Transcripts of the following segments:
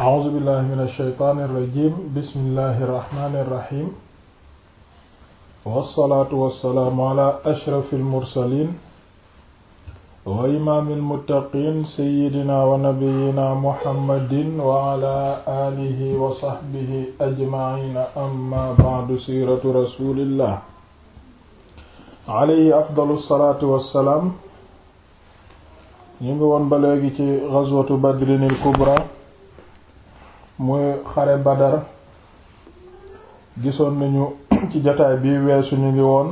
a'uuzu billahi min alsheytaani irrajim bismillahi irrahmani irrahim wassalaatu wassalaamu ala ashrafi almursalin wa imaami almuttaqiin seyidina wa nabiyina muhammadin wa ala aalihi wa saxbihi ajmaciina amma bacdu siiratu rasulillah alayhi afdalu salaatu wassalaam ñu ngi woon ba léegi ci gazwatu badrinil kubra mooy xare Badar gisoon nañu ci jataay bi weesu ñu ngi woon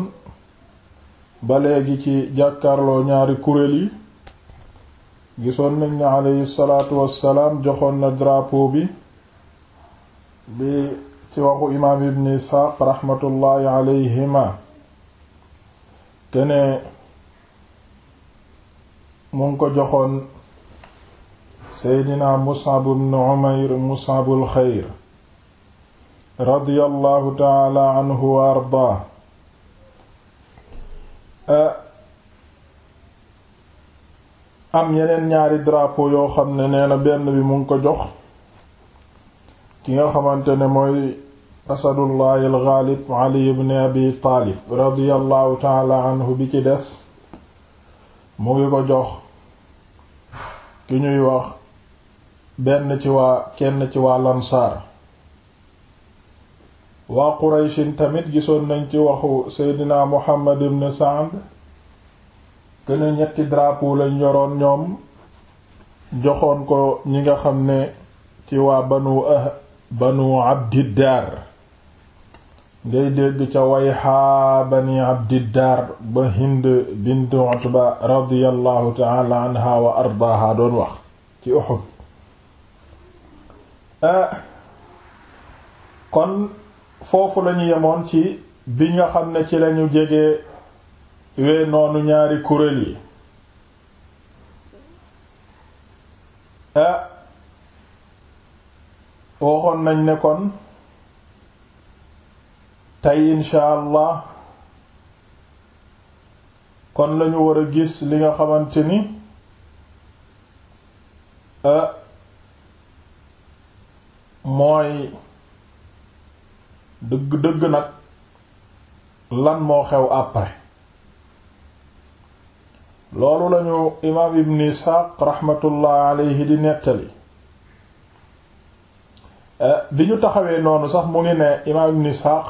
ba léegi ci jàkkaarloo ñaari kuréel yi gisoon nañ ne aleyhi salaatu wassalaam joxoon na drapeau bi bi ci waxu imaam ibn isxaaq raxmatullaahi aleyhima kene mu ngi ko joxoon seydina Mus'ab ibn Umayr Mus'abul xayr radiyallahu taala anhu wa ardaa eh, am yeneen ñaari drapo yoo xam ne nee benn bi mu ngi ko jox ki nga xamante ne mooy asadullahi alxaalib ali ibn abi taalib radiyallahu taala anhu bi ci des mu ngi ko jox ki ñuy wax benn ci waa kenn ci waa lansaar waa qurayshin tamit gisoon nañ ci waxu seydina muhammad ibn sa'd gën ñetti drapeau lañ yoroon ñoom joxoon ko ñi nga xam ne ci waa banu ah banu abdiddar ngay dégg ca wayhaa bani abdiddar ba hind bint utba radiyallahu ta'ala anha wa ardaaha doon wax ci Uhud Ah. kon foofu lañu yemoon ci bi nga xam ne ci lañu jege wee noonu ñaari kuréel yi ah waxoon nañ nekkoon kon tey insha allah kon lañu war a gis li nga xamante ni ah mooy dëgg-dëgg nag lan moo xew après loolu lañu imaam ibn Isxaaq raxmatullah alayhi di nettali eh, bi ñu taxawee noonu sax mu ngi ne imaam ibn Isxaaq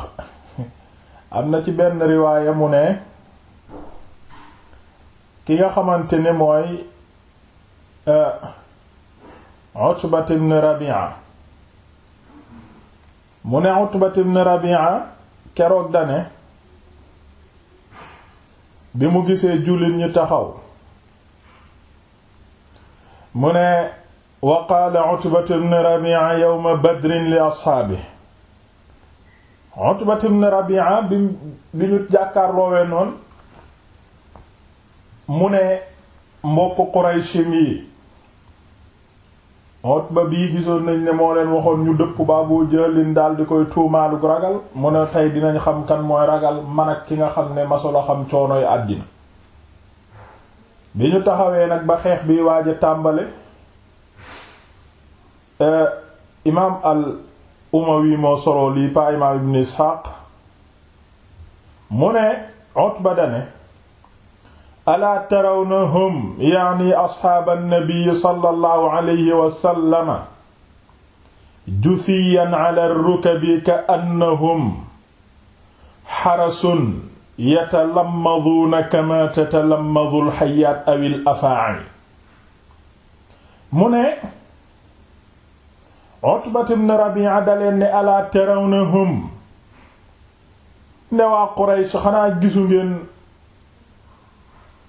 am na ci benn riwaaya mu ne ki nga xamante ne mooy eh, Utbat ibn Rabi'a mu ne Utbat ibn Rabi'a keroog dane bi mu gisee jullit ñi taxaw mu ne wa qaala Utbat ibn Rabi'a yawma badrin li ashaabihi Utbat ibn Rabi'a bi bi ñu jàkkaarloowee noon mu ne mbokk Quraysh yi Utba bii gisoon nañ ne moo leen waxoon ñu dëpp ba Abu Jahlin daal di koy tuumaalug ragal mu ne tey dinañ xam kan mooy ragal man ak ki nga xam ne masula xam coonoy àddina bi ñu taxawee nag ba xeex bi waaj a tàmbale eh, imaam al umawi moo solo lii pa imaam ibn Isxaaq mu ne Utba dane alaa tarawnahum yaani asxaaba nabi sallallahu alayhi wa sallama jusiyan ala rukabi ka annahum xarasun yatalammaduuna kama tatalammadu alxayaat awil afaani mu ne Utbat ibn Rabi'a daleen ne alaa tarawnahum ne waa Quraysh xanaa gisu ngeen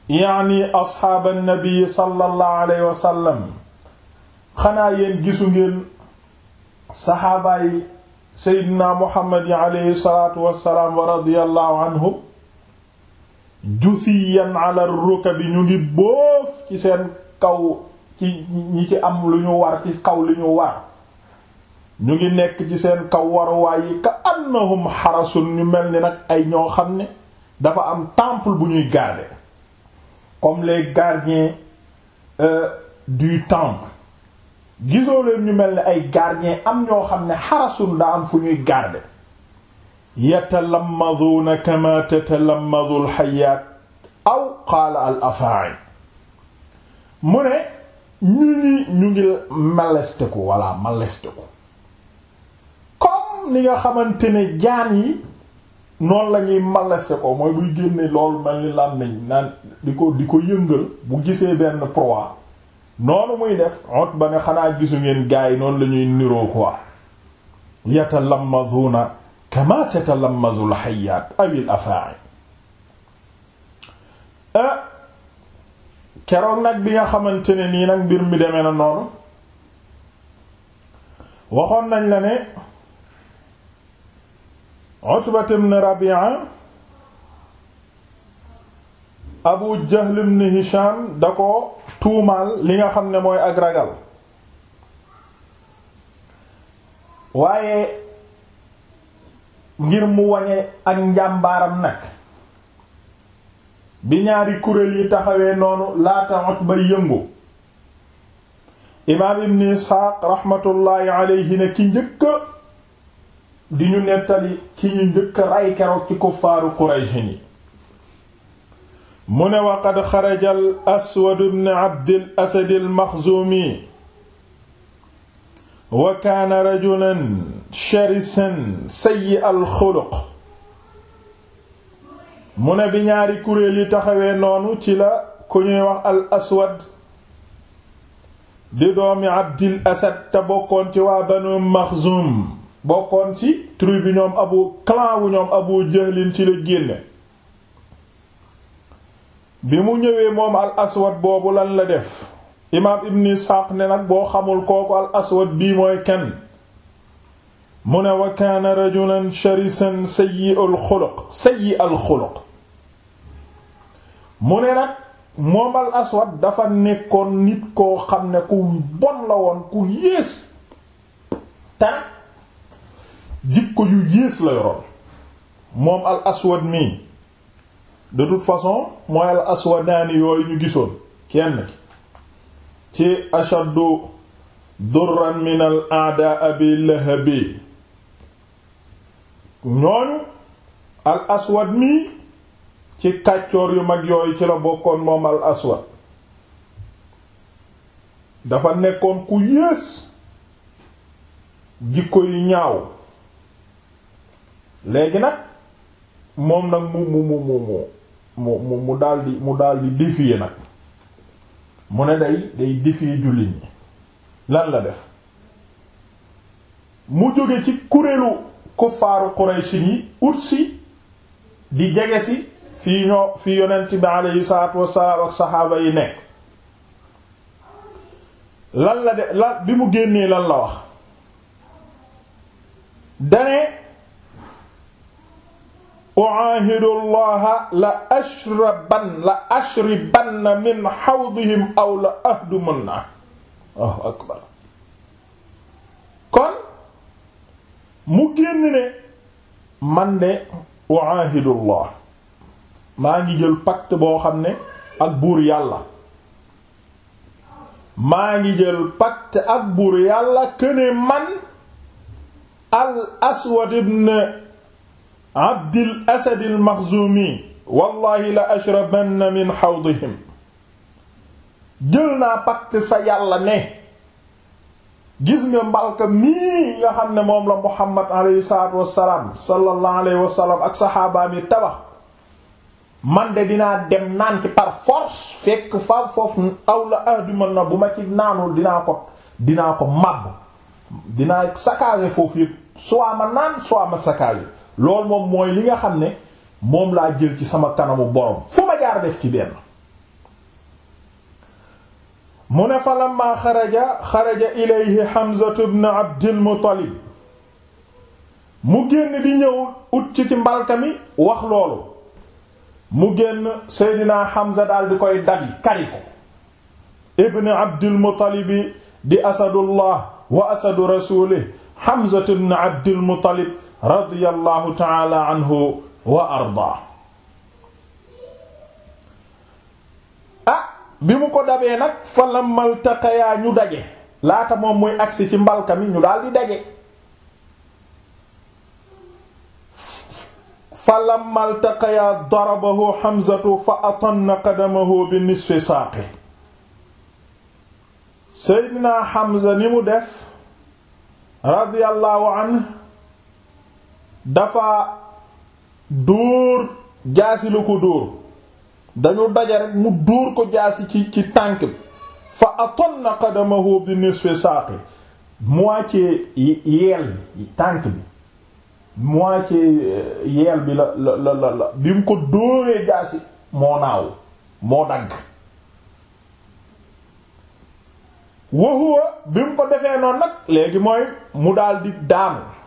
yaani asxaaba nabi sallallahu alayhi wa xanaa yéen gisu ngeen saxaabaay seydina muhammad yi alayhi salaatu wassalaam wa radiyallahu anhum jusiyan ala ñu ngi bóof ci seen kaw ci ñi ci am lu ñu war ci kaw lu ñu war ñu ngi nekk ci seen kaw waruwaay yi ka annahum xarasun ñu mel ni nag ay ñoo xam ne dafa am temple bu ñuy garder comme les gardiens euh, du temple gisoo leen ñu mel ni ay gardiens am ñoo xam ne xarasul daa am fu ñuy garder yatalammazuuna kama tatalammadu alxayaat aw qaala al afa'il mu ne ñu ngi ñu ngi malesteku walla malesteku comme ni nga xamante ne jaan yi noonu la ñuy malase ko mooy buy génne loolu mel ni naan di ko di ko yëngal bu gisee benn proie noonu muy def ot ba ne xanaa gisu ngeen gaay noonu la ñuy niroo quoi yatalammazuuna kama tatalammazu alxayaat awil afaa'i ah, keroog nag bi nga xamante ne nii nag mbir mi demee na noonu waxoon nañ la ne Utbat ibn Rabi'a Abu Jahl Hisham da ko tuumaal li nga xam ne mooy ak ragal waaye ngir mu wane ak njàmbaaram nag bi ñaari kuréel yi taxawee noonu laata Utba yëngu imaam ibn Isxaaq raxmatullaahi alayhi ne ki njëkk di ñu nettali ki ñu njëkk ray ci kuffaaru qurayshin yi mu ne waqad xaraja al aswad ibn abdil asadi al maxzuumi wa kaana rajulan sharisan sayyi al xuluq mu ne bi ñaari kuréel yi taxawee noonu ci la ku ñuy wax al aswad di doomi abdil asad te bokkoon ci waa banu maxzuum bokkoon ci tribu bi ñoom abu clan wu ñoom abu jahlin ci la génne bi mu ñëwee moom al aswad boobu lan la def imaam ibn isxaaq ne nag boo xamul kooku al aswad bii mooy kenn mu ne wa kaana rajulan sharisan sayyi al xuluq sayyi al xuluq mu ne nag moom al aswad dafa nekkoon nit koo xam ne ku bon la woon ku yées tar jikko yu yées la yoroon moom al aswad mii de toute façon mooy al aswadaani yooyu ñu gisoon kenn ki ci ashaddu durran min al ñooñu al aswad mii ci kàccoor yu mag yooyu ci la bokkoon moom al aswad dafa nekkoon ku yées jikko yu ñaaw léegi nag moom nag mu mu mu mu mu mu mu daldi mu daldi défier nag mu ne day day défier jullit ñi lan la def mu jóge ci kuréelu kuffaaru Quraysin yi ut si di jege si fii ñoo fii yonent bi aleyhi salaatu wassalaam ak saxaaba yi nekk lan la de lan bi mu génnee lan la wax dane u'aahidu llaha la ashraban la ashribanna min hawdihim aw la ahdumanna Allahu akbar kon mu génn ne man de u'aahidu maa ngi jël pacte boo xam ne ak buur yàlla maa ngi jël pacte ak buur yàlla que ne man al aswad abdil asad al maxzumi wallahi la ashrabanna min xawdihim jël naa pacte sa yàlla ne gis nga mbalka mii nga xam ne moom la muhammad aleyhi salaatu wassalaam sallallahu alayhi wasallam ak saxaabaam yi tabax man de dinaa dem naan ci par force fekk fa foofu aw la adumal na bu ma ci naanul dinaa ko dinaa ko màbb dinaa sakaage foofu yëpp soit ma naan soit ma sakaage loolu moom mooy li nga xam ne moom laa jël ci sama kanamu borom fu ma jaar def ci benn mu ne fa lamma xaraja xaraja ilayhi Hamzatu ibn Abdil Muttalib mu génn di ñëw ut ci ci mbalka mi wax loolu mu génn Seydina Hamza daal di koy dabi kari ko ibn Abdil Muttalib di asadullah wa asadu rasulih Hamzatu ibn Abdil radiyallahu taala anhu wa arda ah bi mu ko dabee nag fa lamma iltaqayaa ñu daje laata moom muy agsi ci mbalka mi ñu daal di daje fa lamma iltaqayaa darabahu hamzatu fa atanna qadamahu bi nisfi saaqi seydina hamza ni mu def radiyallahu anhu dafa dóor jaasi la ko dóor dañu dajar mu dóor ko jaasi ci ci tànk bi fa atonna qadamahu bi nisfi saaqi moitié yeel bi tànk bi moitié euh, yeel bi la la la la bi mu ko dóoree jaasi moo naaw moo dagg wa bi mu ko defee noonu nag léegi mooy mu daldi daanu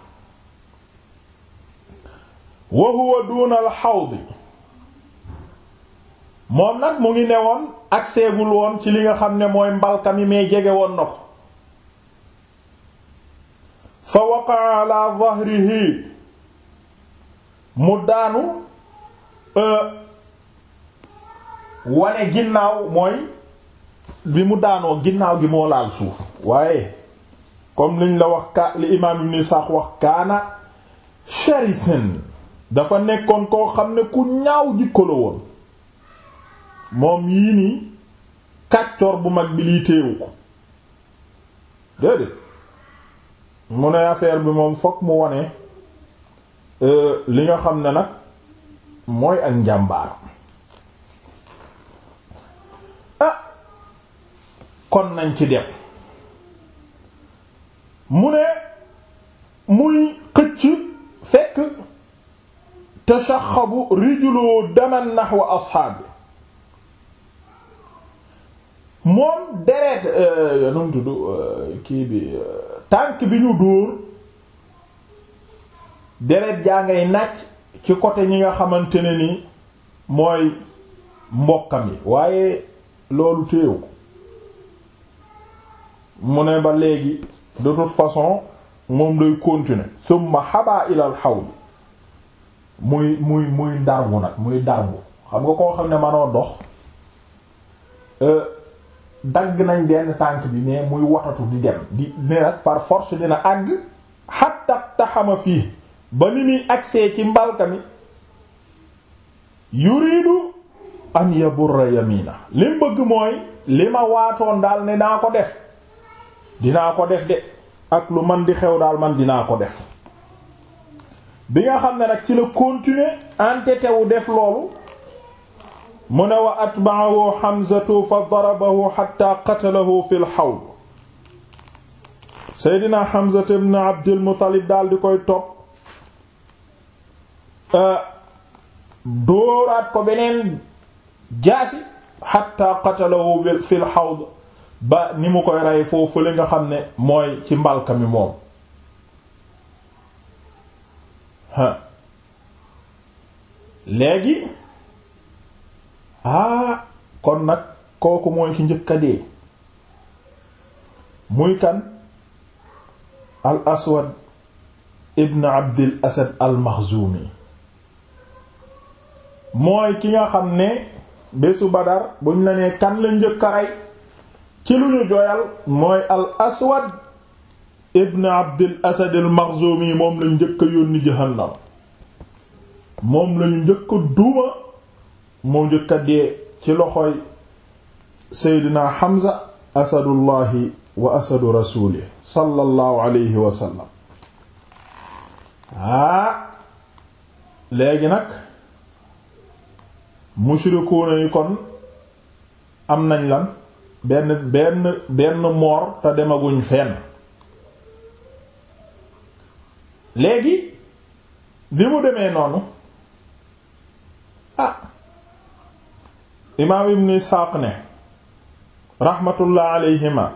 wa huwa duna al moom nag mu ngi newoon ak seegul woon ci li nga xam ne mooy mbalka mi mais jege woon na ko fa waqa ala dhahrihi mu daanu e, wane ginnaaw mooy bi mu daanoo ginnaaw gi moo laal suuf waaye comme liñ la wax ka li imaam ibn Sa'd wax kaana sharisan dafa nekkoon koo xam ne ku ñaaw jikko la woon moom yii nii kàccoor bu mag bi lii téewu ko déedéet mu ne affaire bi moom fokk mu wone euh, li nga xam ne nag mooy ak njàmbaar ah kon nañ ci def mu ne muy xëcc fekk tashaxabu rijlu daman nahwa ashaabi moom deret euh, nu mu tudd euh, kii bi euh, tànk bi ñu dóor deret jaa ngay nàcc ci côté ñi nga xamante ne ni mooy mbokkam yi waaye loolu téew mu ne ba léegi de toute façon moom lay continuer summa xabaa ilal xawlu muy muy muy ndarbu nag muy ndarbu xam nga koo xam ne manoo dox euh, dagg nañ benn tànk bi mais muy watatu di dem di ne nag par force dina àgg xatta taxama fii ba ni muy agsee ci mbalka mi yuridu an yaburra yamina li mu bëgg mooy li ma waatoon daal ne naa ko def dinaa ko def de ak lu man di xew daal man dinaa ko def bi nga xam ne nag ci la continuer entêté wu def loolu mu ne wa atba'ahu Hamzatu fa darabahu hatta qatalahu fil hawl Seydina Hamza ibn Abdul Muttalib daal di koy topp euh, dóoraat ko beneen jaasi hatta qatalahu fil hawd ba ni mu koy rey foofu li nga xam ne mooy ci mbalka mi moom léegi ah kon nag kooku mooy ci njëkk a dee muy kan al aswad ibn abdil asad al maxzumi mooy ki nga xam ne bésu badar buñ la nee kan la njëkk rey ci lu ñu joyal mooy al aswad ibn abdil asad al moom lañ njëkk a yónni jahannam moom lañu njëkk a duma moo njëkk dee ci loxoy seydina hamza asadullahi wa asadu rasulih sallallahu alayhi wa sallam ah, léegi nag mushrikuuna yi kon am nañ lan benn benn benn moor te demaguñ fenn léegi bi mu demee noonu ah imaam ibn Isxaaq ne rahmatullah alayhima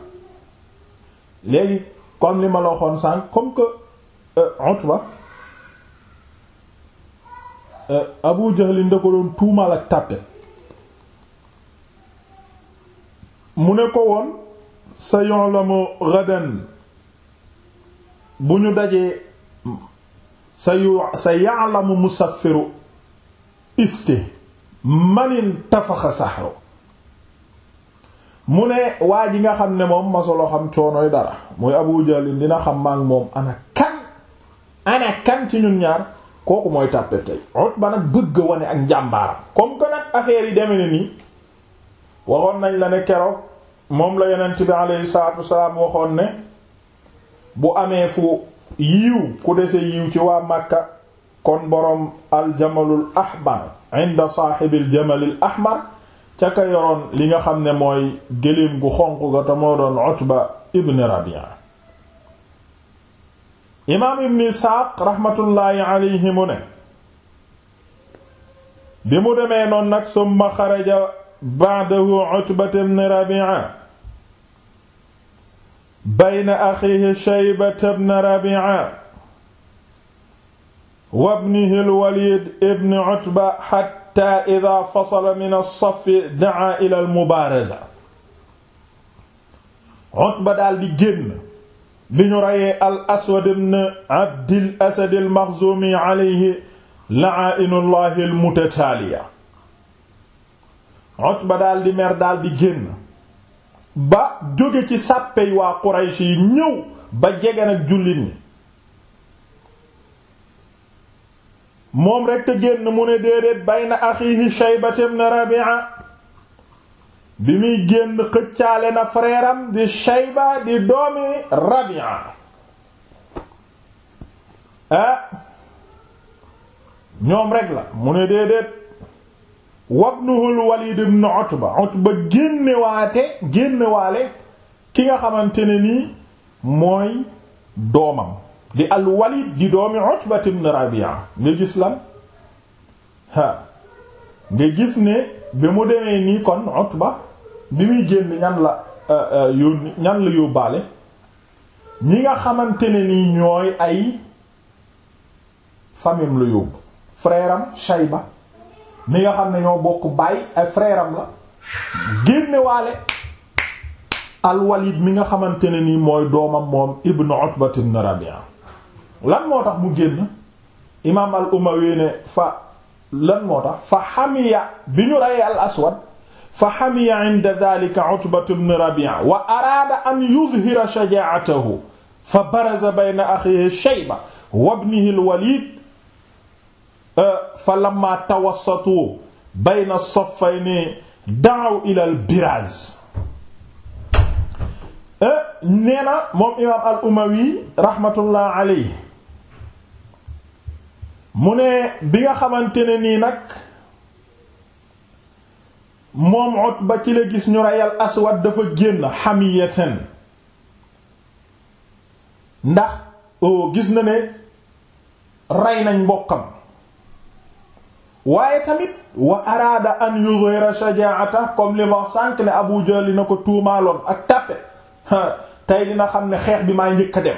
léegi comme li ma la waxoon sànq comme que euh, Utba euh, Abu Jahl da ko doon tuumal ak tàppe mu ne ko woon sa yu'lamu ghadan bu ñu dajee sa yu sa ya'lamu musaffiru isti manin tafaxa saxro mu ne waa ji nga xam ne moom masoloo xam coonoy dara muy Abu Jahl dina xam maak moom ana kan ana kan ci ñun ñaar kooku mooy tàppe tey ak njàmbaaram comme yi deme ne waxoon nañ la ne keroog moom la yonent bi alayhi salaatu wasalaam waxoon ne bu amee fu yiw ku dese yiw ci waa Makka kon boroom aljamalul ahmar inda li nga xam ne mooy gëléem gu xonq ga te moo doon Utba ibn Rabi'a imaam ibn Isxaaq raxmatullaahi mu ne bi mu demee noon nag summa xaraja ba'dahu Utba ibn Rabi'a bayna axiihi shaybata ibn rabi'a wa ibnihi al-waliid ibn utba xatta idaa fasala min as-saffi da'aa ila al-mubaaraza utba daal di génn bi ñu reyee al-aswad ibn abdil asad al-maxzuumi alayhi la'aa'inullahi al-mutataaliya utba daal di mer daal di génn ba jóge ci sàppey waa Quraysh yi ñëw ba jege nag jullit ñi moom rekk te génn mu ne déedéet bayna axiihi Shayba ibn Rabi'a bi muy génn xëccaale na frère am di Shayba di doomi Rabi'a ah ñoom rekk la mu ne déedéet wabnuhul Walid ba Utba ba génnewaate génnewaale ki nga xamante ni nii mooy doomam di al Walid di doomi Utba ibn Rabi'a nga gis lan ha nga gis ni bi mu demee nii kon Utba bi muy génn ñan la euh, euh, yónni ñan la yóbbaale ñi nga xamante ni nii ñooy ay famille la yóbbu frère am Shayba mi nga xam ne ñoo bokk baay ay frère am la génne waale alwalid mi nga xamante ne nii mooy doomam moom ibnu Utba ibn Rabi'a lan moo tax mu génn imaam al umawi ne fa lan moo tax fa xamiya bi ñu rey al aswad fa xamiya inda dhalika Utba ibn Rabi'a wa araada an yudhira shajaa'atahu fa baraza bayna akhihi Shayba wa ibnihi al walid Euh, fa lamma tawassatu bayna saffayni daaw ilal biraz euh, nee na moom imaam al umawi rahmatullah alayhi mu ne bi nga xamante ne nii nag moom Utba ci la gis ñu reyal aswad dafa génn hamiyatan ndax oh, gis na ne rey nañ mbokkam waaye tamit wa araada an yudhira shajaa'ata comme li ma ne Abu Jahl na ko tuumaaloon ak tàppe tey dina xam ne xeex bi maa njëkk a dem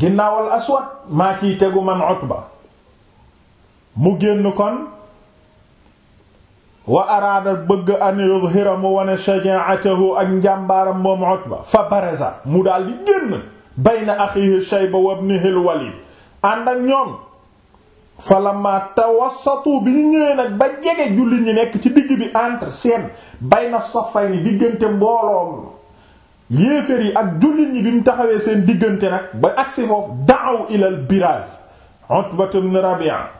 ginnaawal aswad maa ciy tegu man Utba mu génn kon wa araada bëgg an yudhira mu wane shajaa'atahu ak njàmbaaram moom Utba fa baraza mu daal di génn bayna akhihi Shayba wa ibnihi al ànd ak ñoom falamma tawassatu bi ñu ñëwee nag ba jege jullit ñi nekk ci digg bi entre seen bayna saffayni diggante mbooloom yéeféer yi ak jullit ñi bi mu taxawee seen diggante nag ba agsi foofu daaw ilal biraaz Utbatu ibn Rabi'a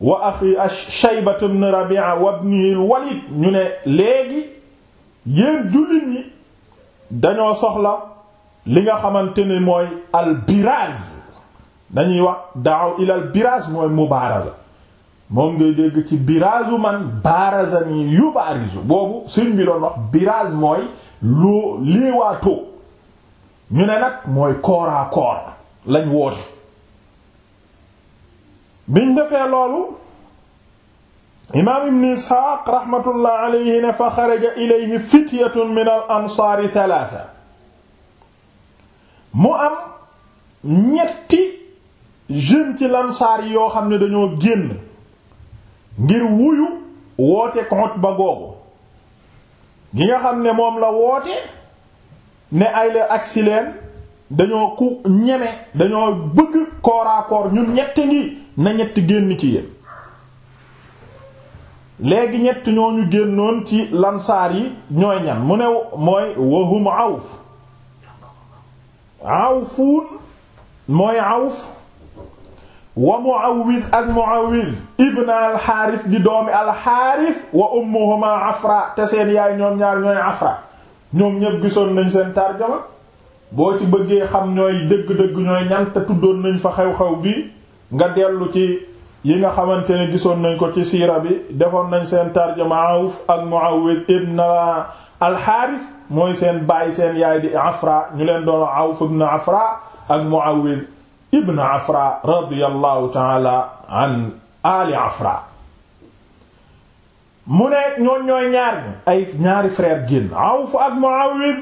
wa axi Shaybatu Rabi'a wa ibnihi al ñu ne léegi yéen jullit ñi dañoo soxla li nga xamante ne mooy al biraaz dañuy wax daaw ilal biraas mooy mubaaraza moom ngay dégg ci biraasu man baaraza ni yu baarisu boobu sëñ bi doon wax biraas mooy loo léewaatoo ñu ne nag mooy kooraa koor lañ woote biñ defee loolu imaam ibn isxaaq raxmatullah alayhi ne fa xaraja ilayhi fityatun min al ansaari thalaatha mu am ñetti jeune ci lansaar yi yoo xam ne dañoo génn ngir wuyu woote konte ba googu gi nga xam ne moom la woote ne ay aksi leen dañoo ku ñeme dañoo bëgg kooraakoor ñun ñett ngi na ñett génn ci yéen léegi ñett ñooñu génnoon ci lansaar yi ñooy ñan mu ne mooy wahum awf awfuun mooy awf wa Muawwiz ak Muawwiz ibn alxaaris di doomi alxaaris wa ummuhuma Afra te seen yaay ñoom ñaar ñooy Afra ñoom ñépp gisoon nañ seen tarjama boo ci bëggee xam ñooy dëgg-dëgg ñooy ñan tuddoon nañ fa xew-xew bi nga dellu ci yi nga xamante ne gisoon nañ ko ci siira bi defoon nañ seen tarjama Awf ak Muawwiz ibn alxaaris mooy seen baay seen yaay di Afra ñu leen doon Awf ibn Afra ak mu Muawwiz ibn Afra radiyallahu taala an ali Afra mu ne ñoon ñooy ñaar ñi ay ñaari frère génn Awf ak Muawwid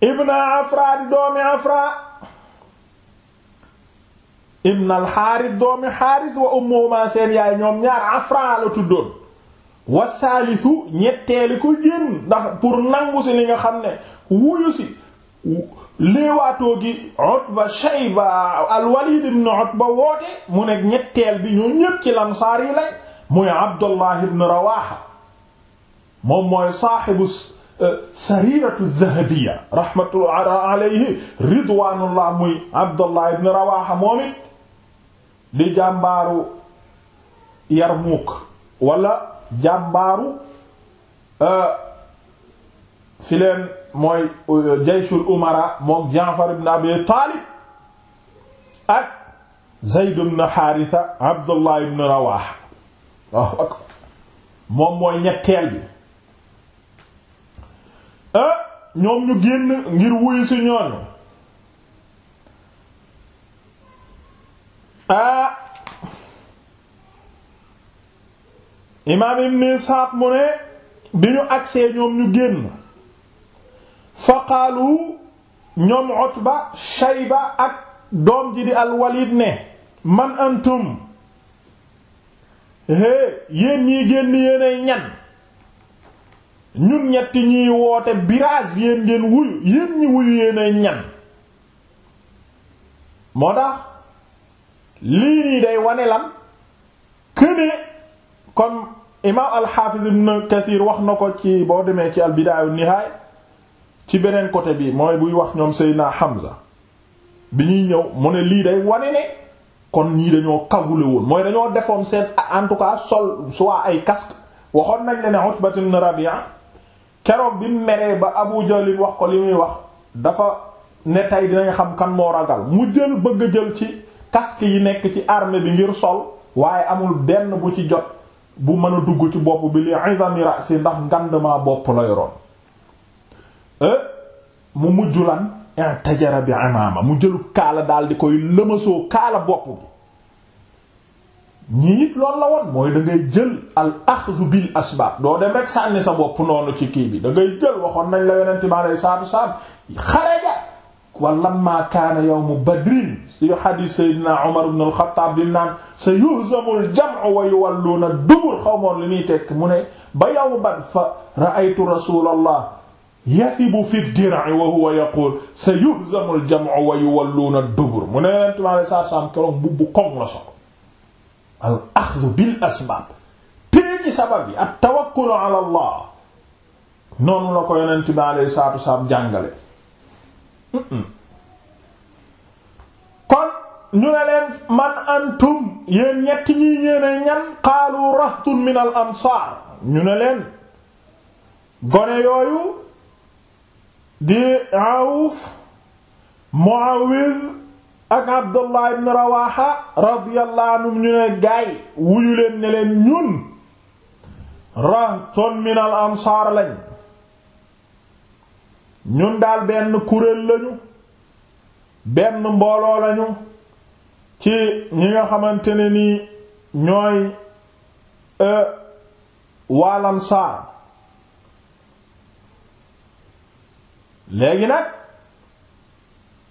ibn Afra di doomi Afra ibn al-Harith doomi Harith wa ummuhuma seen yaay ñoom ñaar Afra la tuddoon wa thalithu ñetteeli ko génn ndax pour nangu si li nga xam ne wuyu si léewaatoo gi Utba Shayba al-Walid ibn Utba woote mu nekk ñetteel bi ñoom ñépp ci lamsaar yi lay muy Abdullah ibn Rawaha moom mooy saaxibu euh, sariratu dhahabiyya rahmatullah alayhi ridwanullah muy Abdullah ibn Rawaha moom it di jàmbaaru Yarmuuk wala jàmbaaru euh, fileen mooy euh, jayshul umara moom Jaafar ibn Abi Taalib ak Zayd ibn Haarisa Abdullah ibn Rawaaha moom mooy ñetteel bi ah, ñoom ñu génn ngir wuyu si ñoon ah imaam ibn Isxaaq mu ne bi ñu agsee ñoom ñu génn fa qaalu ñoom Utba Shayba ak doom ji di al-Walid ne man antum hé yéen ñii génn yéenay ñan ñun ñetti ñiy woote biraas yéen ngeen wuyu yéen ñi wuyu yéenay ñan moo tax lii nii day wane lan këne comme imaam al-Hafiz ibn Kathir wax na ko ci boo demee ci al-Bidaaya ci beneen côté bi mooy buy wax ñoom Seydina Hamza bi ñuy ñëw mu ne lii day wane ne kon ñii dañoo kagule woon mooy dañoo defoon seen en tout cas sol soit ay casque waxoon nañ la ne Utbat ibn Rabi'a keroog bi mu meree ba Abu Jahl wax ko li muy wax dafa ne tey dinañ xam kan moo ragal mu jël bëgg a jël ci casque yi nekk ci armée bi ngir sol waaye amul benn bu ci jot bu mën a dugg ci bopp bi li izami si ndax ngandmaa bopp la yoroon Euh? mu mujj lan intajara bi amaama mu jëlu kaala daal di koy lëmasoo kaala bopp bi ñii it loolu la woon mooy da ngay jël al axdu bil asbaab doo dem rek sànni sa bopp noonu ci kii bi da ngay jël waxoon nañ la yonente mi alei salatu wasalaam xareja wa lamma kaana yawmu badrin yu hadith sayyidina umar ibn al-khattab di naan sa yuhzamu al-jam'u wa yuwalluuna dubur xaw moon li ñuy tekk mu ne ba yawmu bad fa ra'aytu rasulallah yasibu fi dir'i wa huwa yaqul sayuhzamu al-jam'u wa yuwalluna ad-dubur mu ne yonent bi alayhi salaatu salaam keroog mbubb koŋ la soxla al axdu bil asbaab pée ci sabab yi ak tawakkulu ala allah noonu la ko yonent bi alayhi salaatu salaam jàngale kon ñu ne leen man antum yéen ñetti ñi ñeene ñan qaalu rahtun min al ansaar ñu ne leen gone yooyu di Awf Muawiz ak Abdullah ibn Rawaha radiyallahu anhum ñu ne gaay wuyu leen ne ñun rahton min al lañ ñun daal benn kuréel lañu benn mbooloo lañu ci ñi nga xamante ne ni ñooy euh, wal ansaar léegi nag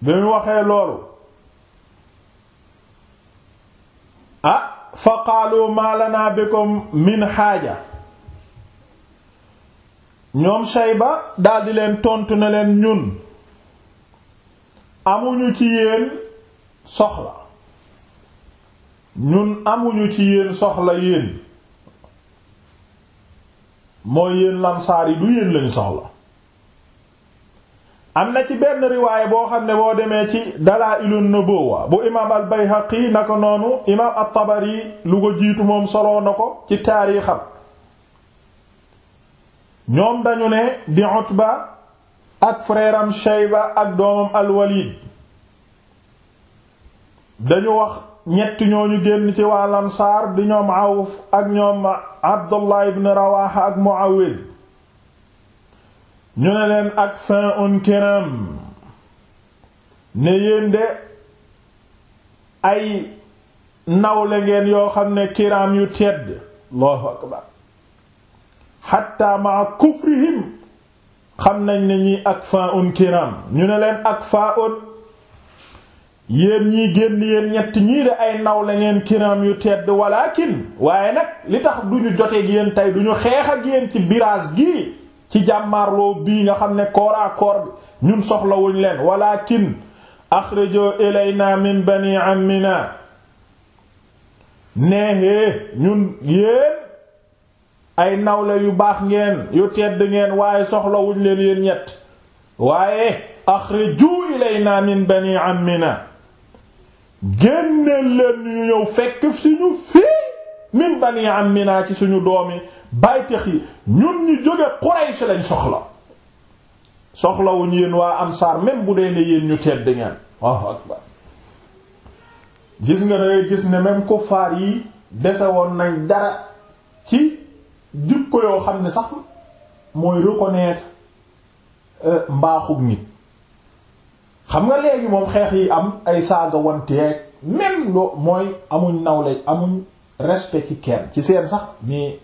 bi mu waxee loolu ah fa qaalu ma lana bikum min xaaja ñoom ba daldi leen tontu ne leen ñun amuñu ci yéen soxla ñun amuñu ci yéen soxla yéen mooy yéen lansaar yi du yéen lañu soxla am na ci benn riwaayé boo xam ne boo demee ci dalaa'ilun nubuwwa bu imaam al-Bayhaqi na ko noonu imaam at-Tabari lu ko jiitu moom soloo ko ci taariixam ñoom dañu ne di Utba ak frère am ak doomam al-Walid dañu wax ñetti ñoo ñooñu génn ci waa Ansaar di ñoom Awf ak ñoom Abdullah ibn Rawaha ak Muawwiz ñu ne leen ak fin un kiram ne yéen de ay nawle ngeen yoo xam ne kiram yu tedd allahu akbar xatta maa xam nañ ne ñi ak fin un kiram ñu ne leen ak fa un yéen ñii génn yéen ñett ñii de ay nawle ngeen kiram yu tedd walakin waaye nag li tax duñu joteeg yéen tey duñu xeex ak yéen ci biraas gii ci jàmmaarloo bii nga xam ne corps bi ñun soxlawuñ leen walakin axrijoo ilayna min bani amina neexee ñun yéen ay nawle yu baax ngeen yu tedd ngeen waaye soxlawuñ leen yéen ñett waaye axrijoo ilayna min bani amina génneel leen ñu ñëw fekk ci fii min bani amminaa ci suñu doomi baytex yi ñun ñu jóge Quraysh lañ soxla soxlawuñ yéen waa ansaar même bu dee ne yéen ñu tedd ngeen gis nga dangay gis ne même kuffaar yi desewoon woon nañ dara ci jikko yoo xam ne sax mooy reconnaître euh, mbaaxug nit xam nga léegi moom xeex yi am ay saaga wanteeg même loo mooy amuñ nawle amuñ respect ci kenn ci seen sax mais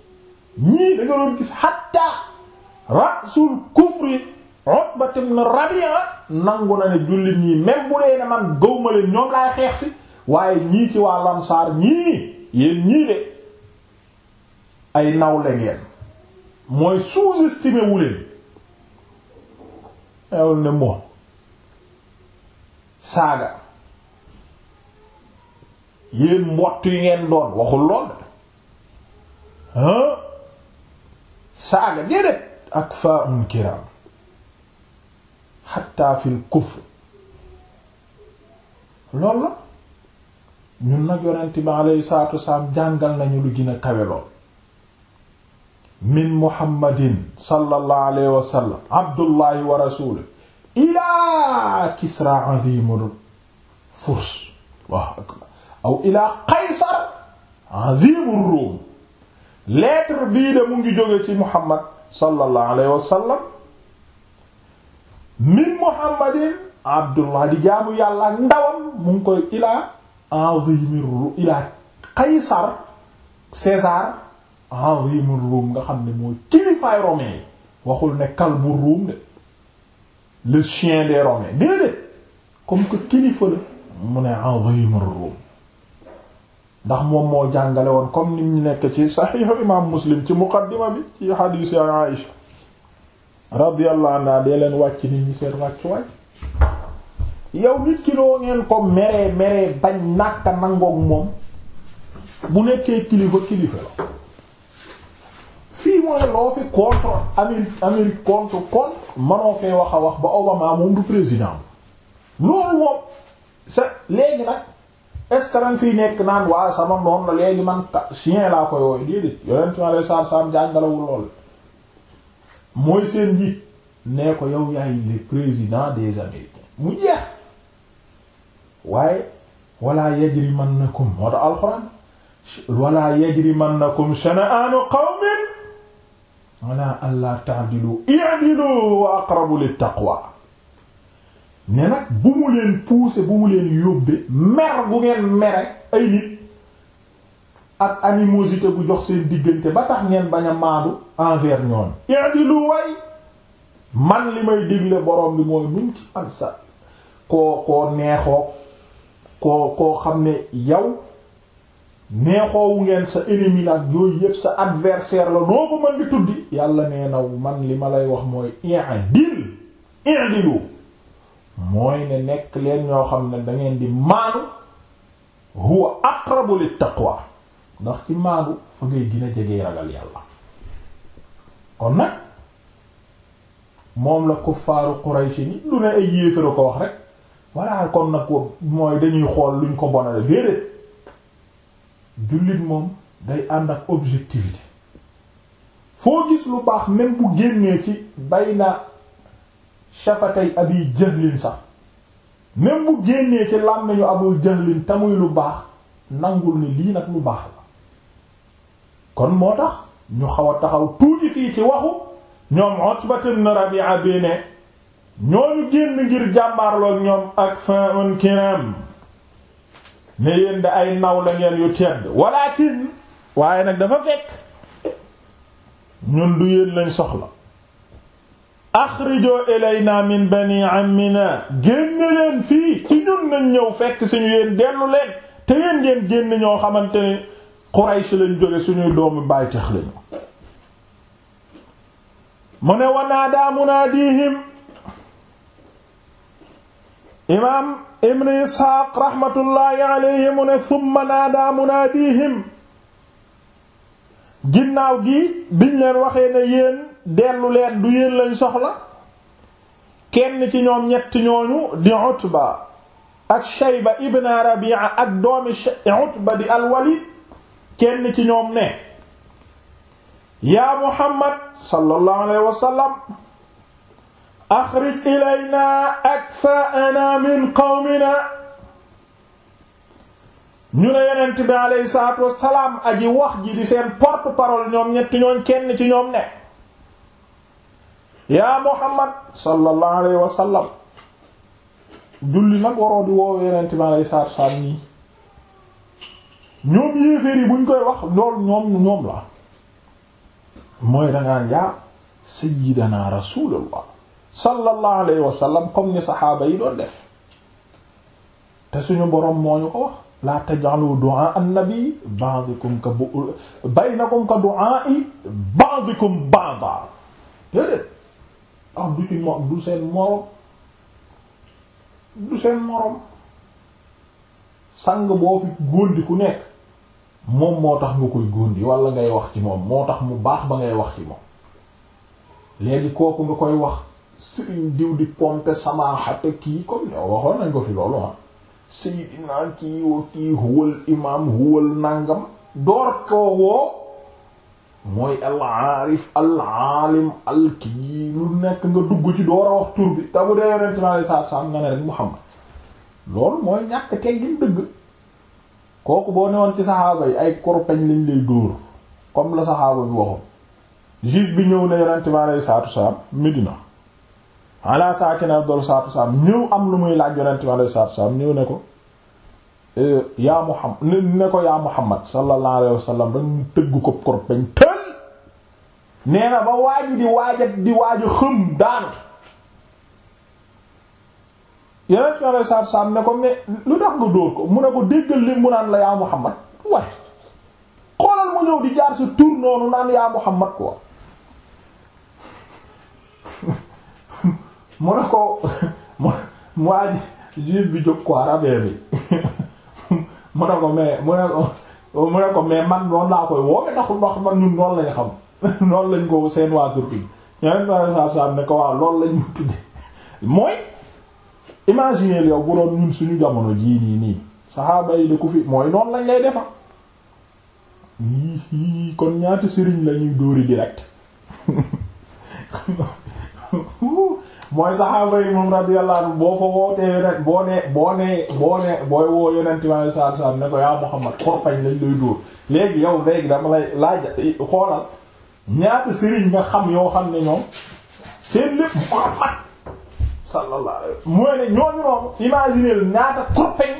ñii da nga doon gis hatta rasul kufri Utba nangu na ne jullit ñii même bu dee ne man leen ñoom laay xeex si waaye ñii ci waa Ansaar ñii yéen ñii de ay nawle ngeen mooy sous-estimé leen eewul ne moom saaga yéen mbott yi ngeen doon waxul lool ah saaga déedéet ak faa un kiram xatta fil kufr lool la ñun nag yonent bi alayhi salaatu wasalaam jàngal nañu lu gën a kawe lool min muhammadin sallallahu alayhi wa sallam abdullahi wa rasuli ilaa kisra azimul furs waaw akbar aw ilaa Qaysar azim Rum lettre bii de mu ngi jóge ci Muhammad sallallahu alayhi wa sallam min Abdullah di jaamu yàlla ndawam mu koy ilaa azim Rum ilaa Qaysar César azim Rum nga xam ne mooy kilifaay romain waxul ne kalbu Rum de le chien des romains déedéet comme que kilifa la mu ne azim Rum ndax moom moo jàngale woon comme ni ñu nekk ci saxiixu imaam muslim ci muqaddima bi ci xadiis ya Aïsha radiyallahu anha dee leen wàcc nit ñi seen wàccuwaay yow nit ki loo ngeen ko meree meree bañ nàkk nangoog moom bu nekkee kilifa kilifa la fii mooy loo fi contre Amérique Amérique contre manoo fee wax a wax ba Obama moom du président loolu moom sa léegi nag est-ce que dañ nekk naan waa sama noon la léegi man chien laa koy wooyu déedéet yonent ma lay saar saam jàngalawul lool mooy seen njiit nee ko yow le président des Américains mu jeex waaye wala yajrimannakum moo tax alxuraan wala yajrimannakum shana'anu qawmin ala alla ta'dilu i'dilu wa aqrabu lit taqwa ne nag bu mu leen pousser bu mu leen yóbbee mer bu ngeen mere ay nit ak animosité bu jox seen diggante ba tax ngeen bañ a maadu envers ñoon i'dilu way man li may digle borom bi mooy nuñ ci man sa koo koo neexoo koo xam ne yow neexoowu ngeen sa ennemi la ak yooyu yépp sa adversaire la noo ko mën di tuddi yàlla nee na man li ma lay wax mooy i'dil i'dilu mooy ne nekk leen ñoo xam ne dangeen di maanu huwa aqrabu lit taqwa ndax ci maanu fa ngay gën jege ragal yàlla kon nag moom la kuffaaru Quraysh ni lu ne ay yéefara ko wax rek walla kon nag mooy dañuy xool luñ ko bonale déedéet jullit moom day ànd ak objectivité foo gis lu baax même bu génnee ci bay na shafatay abi jahlin sax même bu génnee ci làmmiñu abu jahlin te muy lu baax nangul ni lii nag lu baax la kon moo tax ñu xaw a taxaw tuuti fii ci waxu ñoom Utbat ibn Rabi'a bi ne ñooñu génn ngir jàmbaarloog ñoom ak fin un kiram ne yéen da ay naw la ngeen yu tedd walakin waaye nag dafa fekk ñun du yéen lañ soxla axrijoo ilayna min bani ammina génne leen fii ci ñun nañ ñëw fekk suñu yéen dellu leen te yéen ngeen ñoo xamante ne Quraysh lañ jóge suñuy doomu bàytax lañ mu ne wanaadaa munaadihim imaam ibn Isxaaq raxmatullaahi alayhi mu ne summa naadaa munaadihim ginnaaw gi biñ leen waxee ne yéen dellu leen du yéen lañ soxla kenn ci ñoom ñett ñooñu di Utba ak Shayba ak doomi kenn ci ñoom ne yaa Muhammad sallallahu alayhi wa sallam akhrij ilayna akfa'ana min qawmina ñu ne yonent bi alayhi salaatu wassalaam aji wax ji di seen porte parole ñoom ñetti ñooñ kenn ci ñoom ne yaa Muhammad sallallahu alayhi wa sallam julli nag waroo di woowe yonent bi alayhi salaatu wassalaam nii ñoom yéeféer yi buñ koy wax lool ñoom ñoom la mooy dangaan yaa sayyidana rasulullah sallallahu alayhi wa ni saxaaba yi doon def te suñu boroom moo ñu ko wax la taj'alu du'a an-nabi ba'dukum ka baynakum ka du'a'i ba'dukum ba'da déedéet ah du ci mo du seen morom du seen morom sang boo fi góndi ku nekk moom moo tax nga koy góndi wala ngay wax ci moom moo tax mu baax ba ngay wax ci moom léegi kooku nga koy wax sëriñ diw di pompe samaaxate kii comme waxoon nañ ko fi loolu ah Seydina kii woo kii huwal imaam huwal nàngam door ko woo mooy al-aarif al-aalim al lu nekk nga dugg ci door a wax tur bi te bu dee yonent mi alayhi salaatu salaam nga ne rek Muhammad loolu mooy ñàkk teggin dëgg kooku boo newoon ci saxaaba yi ay korpeñ lañ lay dóor comme la saxaaba bi waxoon juif bi ñëw ne yonent mi alayhi salaatu salaam Medina ala saakina afdalu salaatu ñëw am lu muy laaj yonent bi alayhi salaatu wasalaam ñëw ne ko eh, yaa Muhammad ne ko yaa Muhammad sallallahu alayhi wasallam rek mu tëgg ko korpeñ tël nee na ba waaji di waaja di waaja xëm daanu yonent bi alayhi salaatu ne ko mais lu tax nga dóor ko mu ne ko déggal li mu naan la yaa Muhammad waaye xoolal mu ñëw di jaar sa tur noonu naan yaa Muhammad quoi mu ne ko mu waa juif bi jóg ko rabee bi mu ne ko mais mu ne ko mu mais man noonu laa koy woowe ndax ndax man ñun noonu lañ xam noonu lañ ko seen waa turki ñeneen ma saab ne loolu lañ mu tudde mooy yow bu suñu jamono jii nii nii saxaaba yi da ku fi mooy noonu lañ lay defa kon ñaata sëriñ lañuy dóori direct mooy saxaaba yi moom radiyallahu anhu boo fa wootee yonent boo nee boo nee boo nee booy woo yonent bi sallallahu alayhi wasallam ne ko yaa Muhammad xorfañ lañ lay dóor léegi yow léegi dama lay laaj xoolal ñaata sëriñ nga xam yoo xam ne ñoom seen lépp Muhammad sallallahu alayhi ñaata xorfañ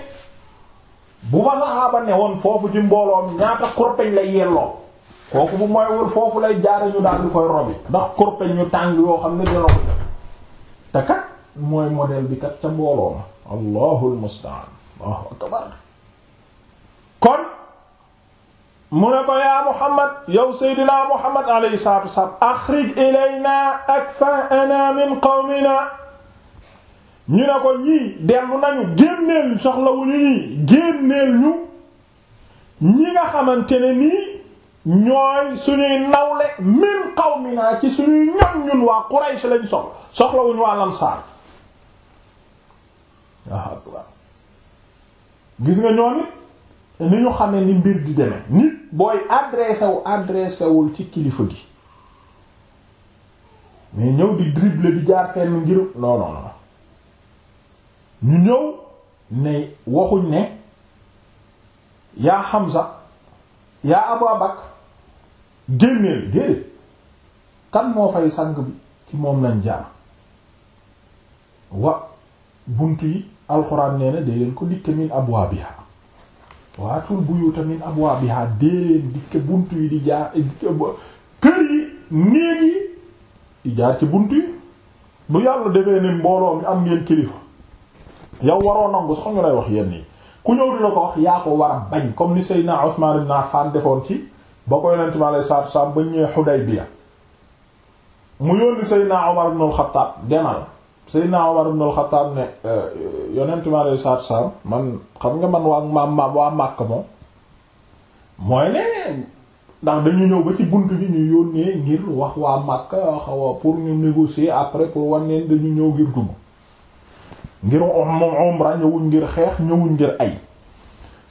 bu fa saxaaba ne woon foofu ci mbooloom ñaata xorfañ lay yelloo kooku bu mooy wul foofu lay jaare ñu daal di koy robi ndax xorfañ ñu tàng yoo xam ne di robi te kat mooy modèle kon mu ne ko yaa muhammad yow seydinaa muhammad alayhi salaatu wasalaam axrij ilayna akfa'ana min qawmina ñu ne ko ñii dellu nañu génneel soxlawuñu ñii génneel ñu ñi nga xamante ne nii ñooy suñuy nawle mi qawmina ci suñuy ñam ñun waa Quraysh lañ soxla soxlawuñu waa Ansaar gis nga ñoo nit ni ñu xamee ni mbir di demee nit booy adressé wu adressé ci kilifa gi mais ñëw di dribble di jaar fenn ngir non non ñu ñëw ne waxuñ ne yaa Hamza yaa Abu Bakr génneel déedéet kan moo fay sang bi ci moom lañ jaar wa bunt yi alxuraan nee na dee ko dikke min abwaabiha waatul buyuta min abwaabiha dee leen dikke bunt yi di jaar eh, kër yi néeg yi di jaar ci bunt yi bu yàlla defee ne mbooloo mi am ngeen kilifa yow waroo nangu sax ñu lay wax yenn yi ku ñëw dina ko wax yaa ko war a bañ comme ni Seydina Usman ibn Affan defoon ci boo ko yonent bi alayhi salaatu salaam ba ñëwee Xudaybiya mu yónni Seydina Omar ibn al-Khattab demal Seydina Omar ibn al-Khattab ne euh, yonent bi alayhi salaatu salaam man xam nga man waa maam maam waa Màkka moom mooy ne ndax dañu ñëw ba ci bunt bi ñu yónnee ngir wax waa Màkka xaw a pour ñu négocier après pour wanneen dañu ñëw ngir dugg ngir moom um-, umra ñëwuñ ngir xeex ñëwuñ ngir ay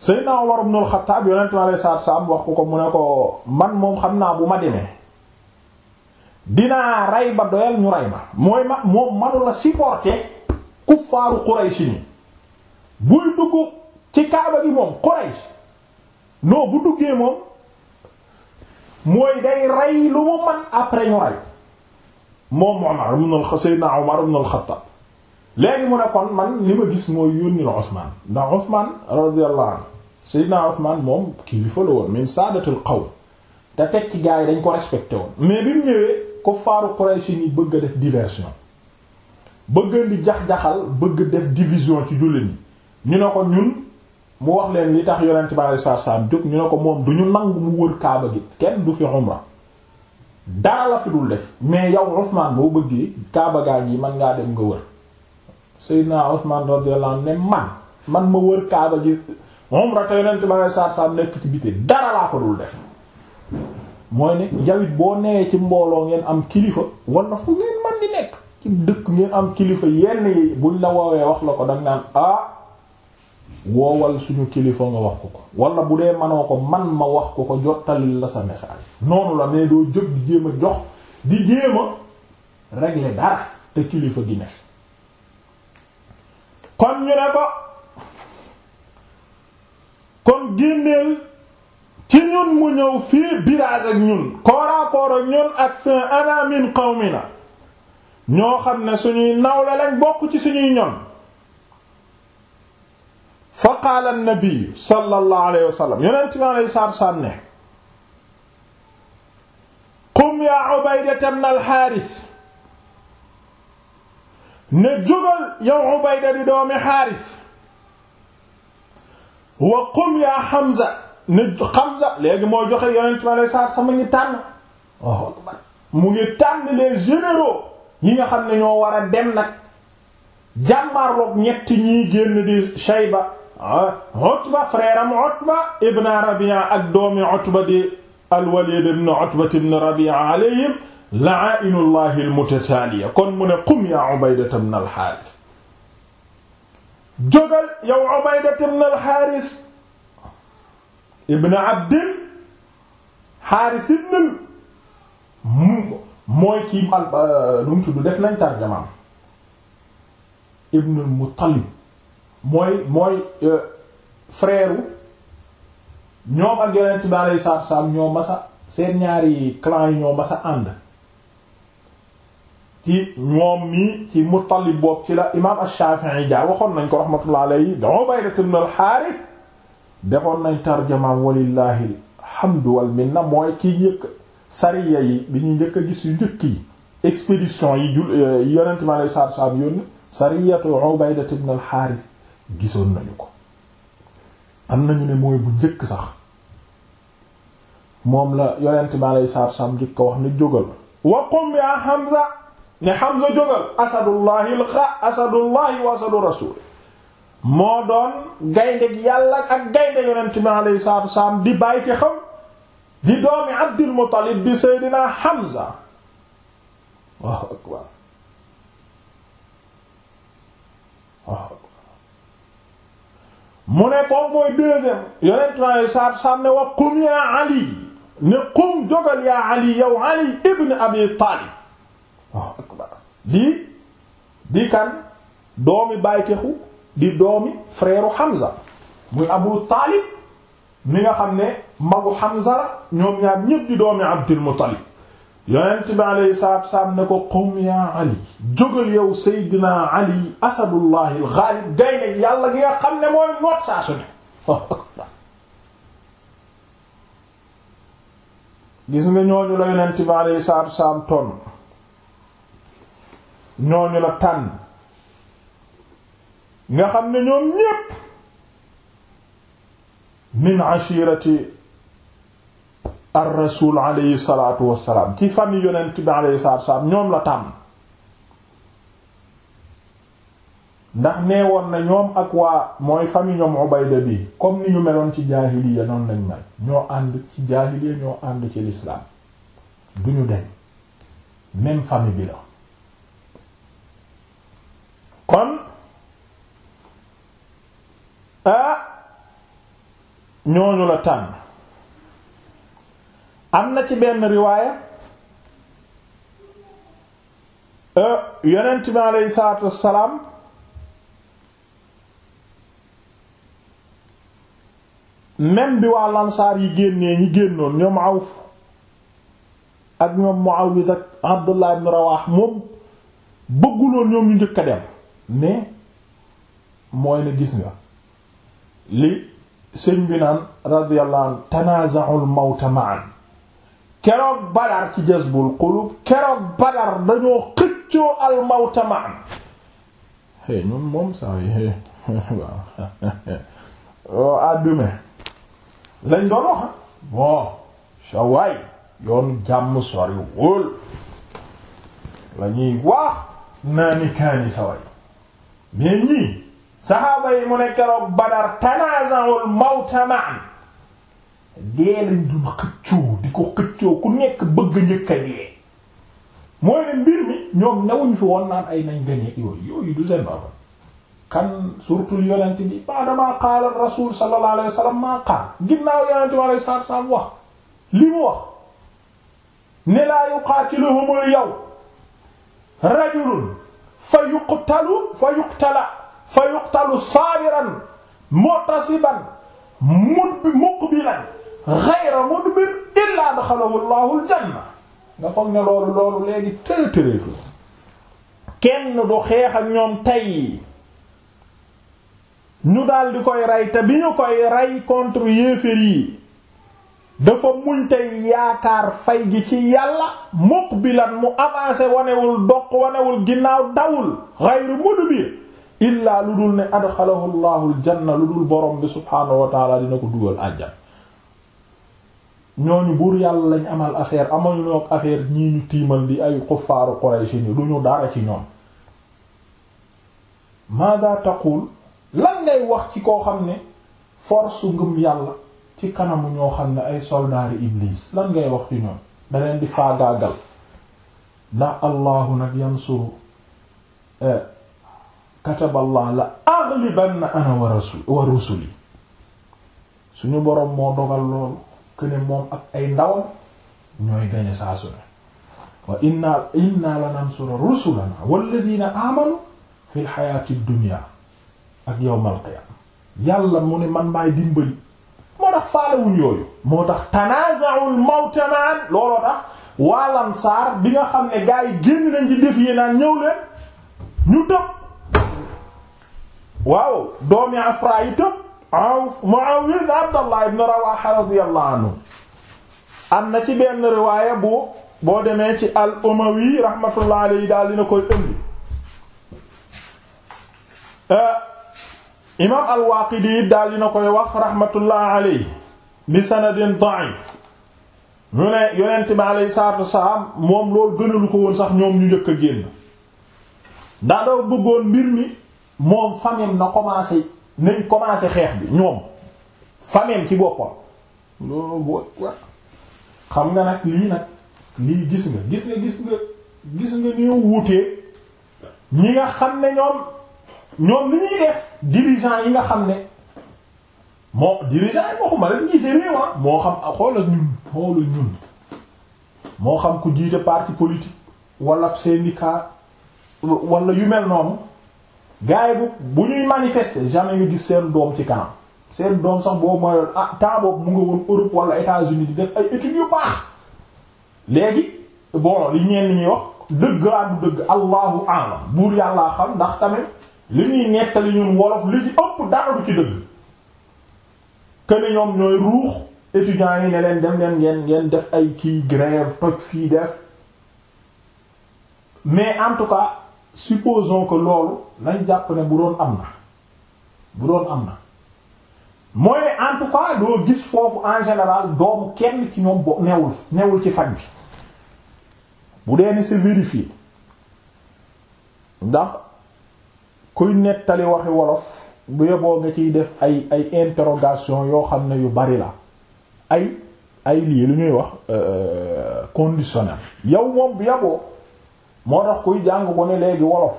Seydina Umar ibn al-Khattab yonent mi alayhi salaatu salaam wax ko ko mu ne ko man moom xam naa bu ma demee dinaa rey ba doyal ñu rey ma mooy ma moom manu la supporter kuffaaru Quraysh ni buy dugg ci kaaba gi moom Quraysh non bu duggee moom mooy day rey lu mu man après ñu rey moom Umar ibn Seydina Umar ibn al-Khattab léegi mu ne kon man li ma gis mooy yónnil Usmaan ndax Usmaan radiyallahu anhu Seydina Usmaan moom kilifa la woon min saadatul xaw te teg ci gars yi dañ ko respecté woon mais bi mu ñëwee kuffaaru Quraysh ni bëgg a def diversion bëgg di jax-jaxal bëgg def division ci jullit ñi ñu ne ko ñun mu wax leen li tax yonent bi alei satu salaam ñu ne ko moom du ñu nangu mu wër kaaba gi kenn du fi umra dara la fi dul def mais yow Usmaan boo bëggee kaaba gaa gi mën ngaa dem nga wër Seydina Usman radiyallahu anhu ne man man ma wër Kaaba ji umra te yonent ba ngay saab saab nekk ci biti dara laa ko dul def mooy ne yawit boo newee ci mbooloo ngeen am kilifa wala fu ngeen man di nekk ci dëkk ngeen am kilifa yenn yi buñ la woowee wax la ko danga naan ah woowal suñu kilifa nga wax ko ko wala bu dee manoo ko man ma wax ko ko jottalil la sa message noonu la mais doo jóg di jéem a jox di jéem a dara te kilifa gi ne kon ñu ne ko kon génneel ci ñun mu ñëw fii biraas ak ñun kooraakoor ak ñun ak fin ana min qawmina ñoo xam ne suñu nawle lañ bokk ci suñuy ñoom fa qaala an-nabi sallallahu alayhi wa sallam yonent mi alayhi salaatu qum yaa Ubayda ibn al ne jógal yow Ubayda di doomi Xaaris wa qum yaa Hamza ne Hamza léegi moo joxe yonent mi alei saatu sama ngi tànn waaw mu ngi tànn les généraux yi nga xam ne ñoo war a dem nag jàmmarloog ñetti ñiy génn di a ah, Utba frère am Utba ibn Rabi'a ak doomi Utba di al-Walid ibn Utba Rabi'a alayhim la'aa'inullahi al-mutataaliya kon mu ne qum yaa Ubaydata ibn al-Haaris jógal yow Ubaydata ibn ibn Abdil Haaris ibn mu mooy kii euh, nu mu tudd def nañ tarjamaam ibn al mooy mooy euh, frère ñoom ak Yonent bi alayhi salaatu wa ñoo masa seen ñaari clans yi ñoo masa ànd ci moom nii ci Muttalib boobu ci la imaam Ash-Shafi'i jaar waxoon nañ ko rahmatullah alayhi da Ubayda ibn al-Harith defoon nañ tarjamaam walillahi alhamdu wal minna mooy ki njëkk sariya yi bi ñuy njëkk a gis yu njëkk yi expédition yi jul euh, yonent mi alayhi salaatu salaam sariyatu Ubayda ibn al nañu ne bu njëkk sax moom la yonent mi alayhi salaatu wax qum ya Hamza ne Hamza jógal asadullahi lxa asadullahi wa asadu rasul moo doon gayndeg yàlla ak gaynde yonent mi alayhi salaatu wasalaam di bàyti xam di doomi Abdul Muttalib bi Seydina Hamza waaw akbar waaw mu ne boobu mooy deuxième yonent mi alayhi salaatu wasalaam ne wa qum ya Ali ne qum jógal ya Ali yow Ali ibn Abi Talib waaw di di kan doomi bàytexu di doomi frère Hamza muy Abu Taalib mi nga xam ne magu Hamza la ñoom ñaar ñépp di doomi Abdul Muttalib yonent bi alayhi salaatu salaam ne ko qum yaa Ali jógal yow Seydina Ali asadullahi al-ghaalib gaynde yàlla gi nga xam ne mooy noot saa su gis nga ñooñu la yonent bi alayhi salaatu salaam ñooñu la tànn nga xam ne ñoom ñépp min ashirati ar rasul alayhi salatu wassalaam ci fan yonent bi alayhi salatu wassalaam ñoom la tànn ndax nee woon na ñoom ak waa mooy famille ñoom ubayda bi comme ni ñu meloon ci jaahiliya noonu lañ mel ñoo ànd ci jaahiliya ñoo ànd ci l'islam duñu dem même famille bi la kon ah ñooñu la tànn am na ci benn riwaaya yonent bi aleyhi salaatu wassalaam même bi waa lansaar yi génnee ñi génnoon ñoom Awf ak ñoom Muawid ak Abdullah ibn Rawah moom bëgguloon ñoom ñu njëkk a dem mais mooy ne gis nga li sëñ bi naan radiyallahu anhu tanaaza'ul mawta ma'an keroog badar ci jazbul qulub keroog badar dañoo xëccoo al mawta ma'an é ñun moom saa yi waaw oh, à demain lañ doon wax bon sa yoon jàmm sori wóol la ñuy naani kaani sa mais ñii saxaaba yi mu ne keroog Badar tanaaza'ul mawta ma'an dee lañ dun xëccoo di ko xëccoo ku nekk bëgg njëkk a dee mooy ne mbir mi ñoom newuñ fi woon naan ay nañ gañe yooyu yooyu du seen baba kan surtout yonent bi baadamaa qaala rasul sallallahu alayhi wa sallam maa qaal ginnaaw yonent bi alayhi wa salaam wax ne laa yuqaatiluhumul yow rajulun fa yuqtalu fa yuqtala fa yuqtalu saabiran mu'tasiban muqbilan ghayra mudbir illaa dakhalahu Allahu al-janna nga foog ne loolu loolu léegi tërë tërëtu kenn du xeex ñoom tey ñu daldi di koy rey te bi ñu koy rey contre yéeféer dafa muñ yaakaar fay gi ci yàlla muqbilan mu avancé wanewul doq wanewul ginnaaw dawul ghayru mudbir illaa lu dul ne adxalahu llahu aljanna lu dul borom bi subhaanahu wa dina ko dugal àjjan ñooñu buur yàlla lañ amal affaire amañu ñoo affaire ñii ñu tiimal di ay kuffaaru Quraysh ni duñu dara ci ñoom maada taqul lan ngay wax ci koo xam ne force ngëm yàlla ci kanamu ñoo xam ne ay soldaar iblis lan ngay wax ci ñoom da leen di faagaagal ndax allahu nag yansuru eh, kataballah la aghlibanna ana wa rasul wa rusuli suñu boroom moo dogal loolu këne moom ak ay ndawam ñooy gañe saa su ne wa inna inna lanansuru rusulana walladina amanu mu ne man maay dimbali moo tax faalewuñ yooyu moo tax tanaaza'ul mawta naan looloo tax waalam saar bi nga xam ne gars yi génn nañ ci défier naan ñëw leen ñu tëb waaw doomi Afra yi tëb Muawiz Abdallah ibn Rawaha radiyallahu anhu na ci benn riwaaya bu boo demee ci al Umawi rahmatullah alayhi daal dina koy ëmb imaam al-Waaqidi daal dina koy wax rahmatullah alayhi bi sanadin da'if ñu ne yonent bi alayhi salaatu wasalaam moom loolu gënalu ko woon sax ñoom ñu njëkk a génn ndax bëggoon mbir mi moom famem na commencé nañ commencé xeex bi ñoom famem ci boppam loolu boo xam nga nag lii nag lii gis nga gis nga gis nga gis nga ñoo wuutee ñi nga xam ne ñoom ñoom li ñuy def dirigeant yi nga xam ne moo dirigeant yi waxuma la jiite réew ah moo xam xoolal ñun xoolal ñun moo xam ku jiite parti politique wala syndicat wala yu mel noonu gars yi bu bu ñuy manifester jamais nga gis seen doom ci kanam seen doom sax boobu mooy ah temps boobu mu nga woon Europe wala États-Unis di def ay études yu baax léegi bon li ñeen li ñuy wax dëgg laa du dëgg allahu a'lam buur yàllaa xam ndax tamit. li ñuy nettali ñun wolof li ci ëpp dara du ci dëgg que ñoom ñooy ruux étudiants yi ne leen dem leen ngeen ngeen def ay kii grève toj fii def mais en tout cas supposons que loolu nañ jàpp ne bu doon am na bu doon am na mooy en tout cas doo gis foofu en général doomu kenn ci ñoom bo newul newul ci faj bi bu dee ni c'est ndax kuy nettali waxi wolof bu yeboo nga ciy def ay ay interrogation yoo xam ne yu bari la ay ay lii lu ñuy wax euh, euh, conditionnel yow moom bu yeboo moo tax kuy jàng ko ne léegi wolof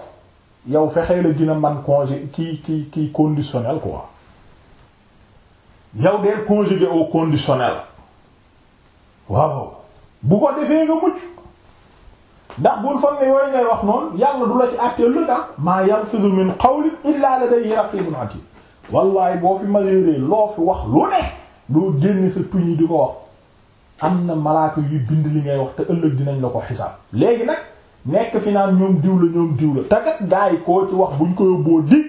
yow fexee la gën man conjugé kii kii kii conditionnel quoi yow dee conjugué au conditionnel waaw bu ko defee nga mucc ndax bul foog ne yooyu ngay wax noonu yàlla du la ci àttee lu tax maa yalfidu min qawlin illaa ladayhi raqibun atid wallaay boo fi maleeree loo fi wax lu ne loo génne sa tuñ yi di ko wax am na malaaka yuy bind li ngay wax te ëllëg dinañ la ko xisaab léegi nag nekk fi naan ñoom diw la ñoom diw la takat gaa yi koo ci wax buñ ko yóbboo di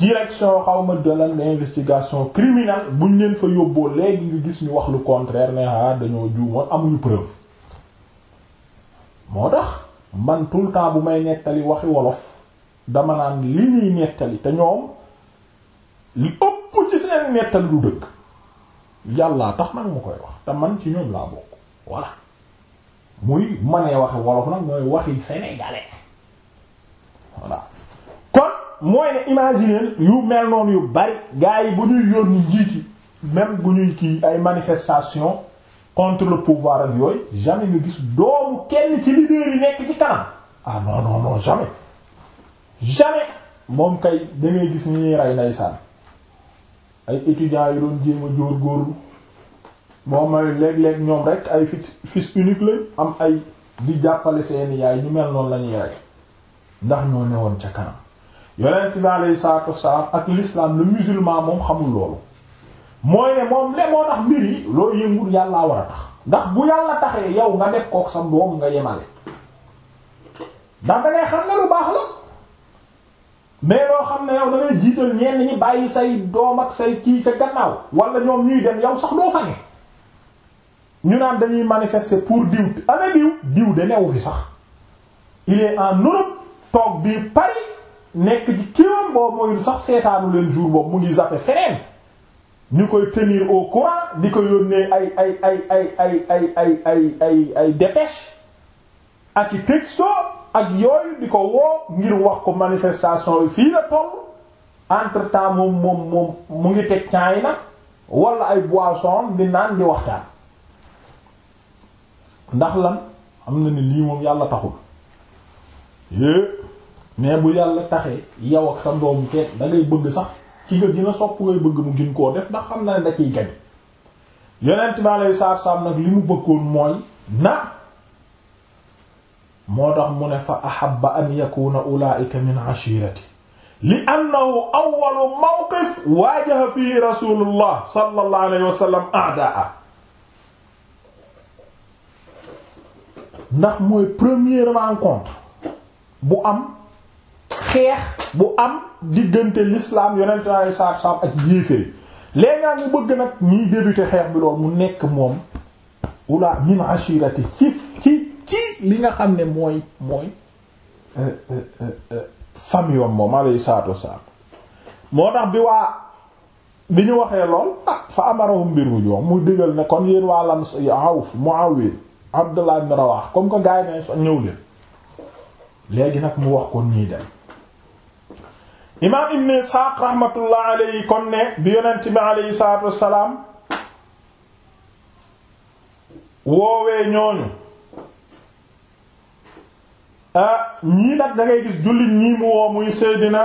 direction xawma de l'investigation bu ñu leen fa yóbboo léegi nga gis ñu wax lu contraire ne ah, dañoo juumoon amuñu preuve moo tax man tout le temps bu may nettali waxi wolof dama naan li ñuy nettali te ñoom li ëpp ci seen nettali du dëgg yàllaa tax nag mu koy wax te man ci ñoom laa bokk voilà muy manee waxi wolof nag mooy waxi sénégalais voilà kon mooy ne imaginer yu mel noonu yu bari gars yi bu ñuy yónni njiiti même bu ñuy kii ay manifestation contre le pouvoir ak yooyu jamais nga gis doomu kenn ci leader nekk ci kanam ah non non jamais jamais moom kay da gis ni ñuy rey ndeysaan ay étudiants yi doon jéem a jóor góor moom mooy léeg-léeg ñoom rek ay fils unique lañ am ay di jàppale seeni yaay ñu mel noonu la ñuy rey ndax ñoo newoon ca kanam yonent bi alayhi saako wassalaam ak l'islam le musulman moom xamul loolu mooy ne moom lemoo moo tax mbir yi loo yëngu yàlla war a tax ndax bu yàlla taxee yow nga def kook sa doom nga yemale ndax da ngay ne lu baax la mais loo xam ne yow da jiital ñeen ñi bàyyi say doom ak say kii ca gannaaw wala ñoom ñuy dem yow sax doo fa ne ñu naan dañuy manifester pour diw ana diw diw de newu fi sax il est en Europe toog bii Paris nekk ci kiiwam boobu mooyul sax seetaanu leen jour boobu mu ngi zappe feneen ñu koy tenir au courant di ko yónnee ay ay ay ay ay ay ay ay ay ay dépêche ak i texto ak yooyu di ko woo ngir wax ko manifestation yi fii la toll entre temps moom moom mu ngi teg caay na wala ay boisson di naan di waxtaan ndax lan am na ni lii moom yàlla taxul mais bu yàlla taxee yow ak sa doom kenn da ngay bëgg sax ki nga dina sopp ngay bëgg mu gin koo def ndax xam na ne da ciy gañ yonent bi aleyhi salaatu salaam nag li mu bëggoon mooy na moo tax mu ne fa ahabba an yakuna ulaa'ika min ashirati li annahu awwalu mawqif waajaha fihi rasulullah sallallahu alayhi wa ndax mooy première rencontre bu am xeex bu am diggante l'islam yonent alayhi salaatu salaam ak yéeféer léegi nag mu bëgg nag xeex bi lool mu nekk moom wula min ashirati ci li nga xam ne mooy mooy euh, euh, euh, famille wam moom alayhi salaatu salaam moo bi waa waxee lool ah fa mbir mu joom mu digal ne kon yéen waa lan Awf Muawiya Abdullah ibn Rawah comme que gars yi nañ nag mu wax kon ñii dem imaam ibn isxaaq rahmatullah alayhi kon ne bi yonent bi alayhi salaatu wassalaam woowee ñooñu ñii nag da gis jullit ñii mu woo muy seydina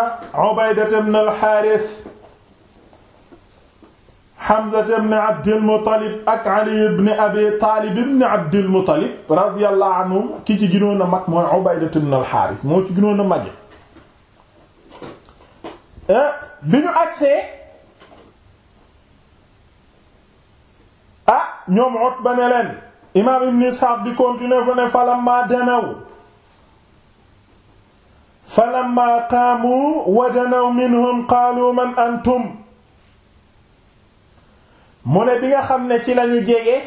Ubaydat ibn al-Haaris Hamza ibn Abdil Muttalib ak Ali ibn Abi Taalib ibn Abdil Muttalib radiyallahu anhum ki ci gënoon a mag mooy ibn al-Haaris ci gënoon a Euh, bi ñu agsee a ah, ñoom Utba ne leen imaam Ibn Isxaaq bi continuer fa ne falamma danaw falamma qaamu wa danaw minhum qaalu antum mu ne bi nga xam ne ci lañu jege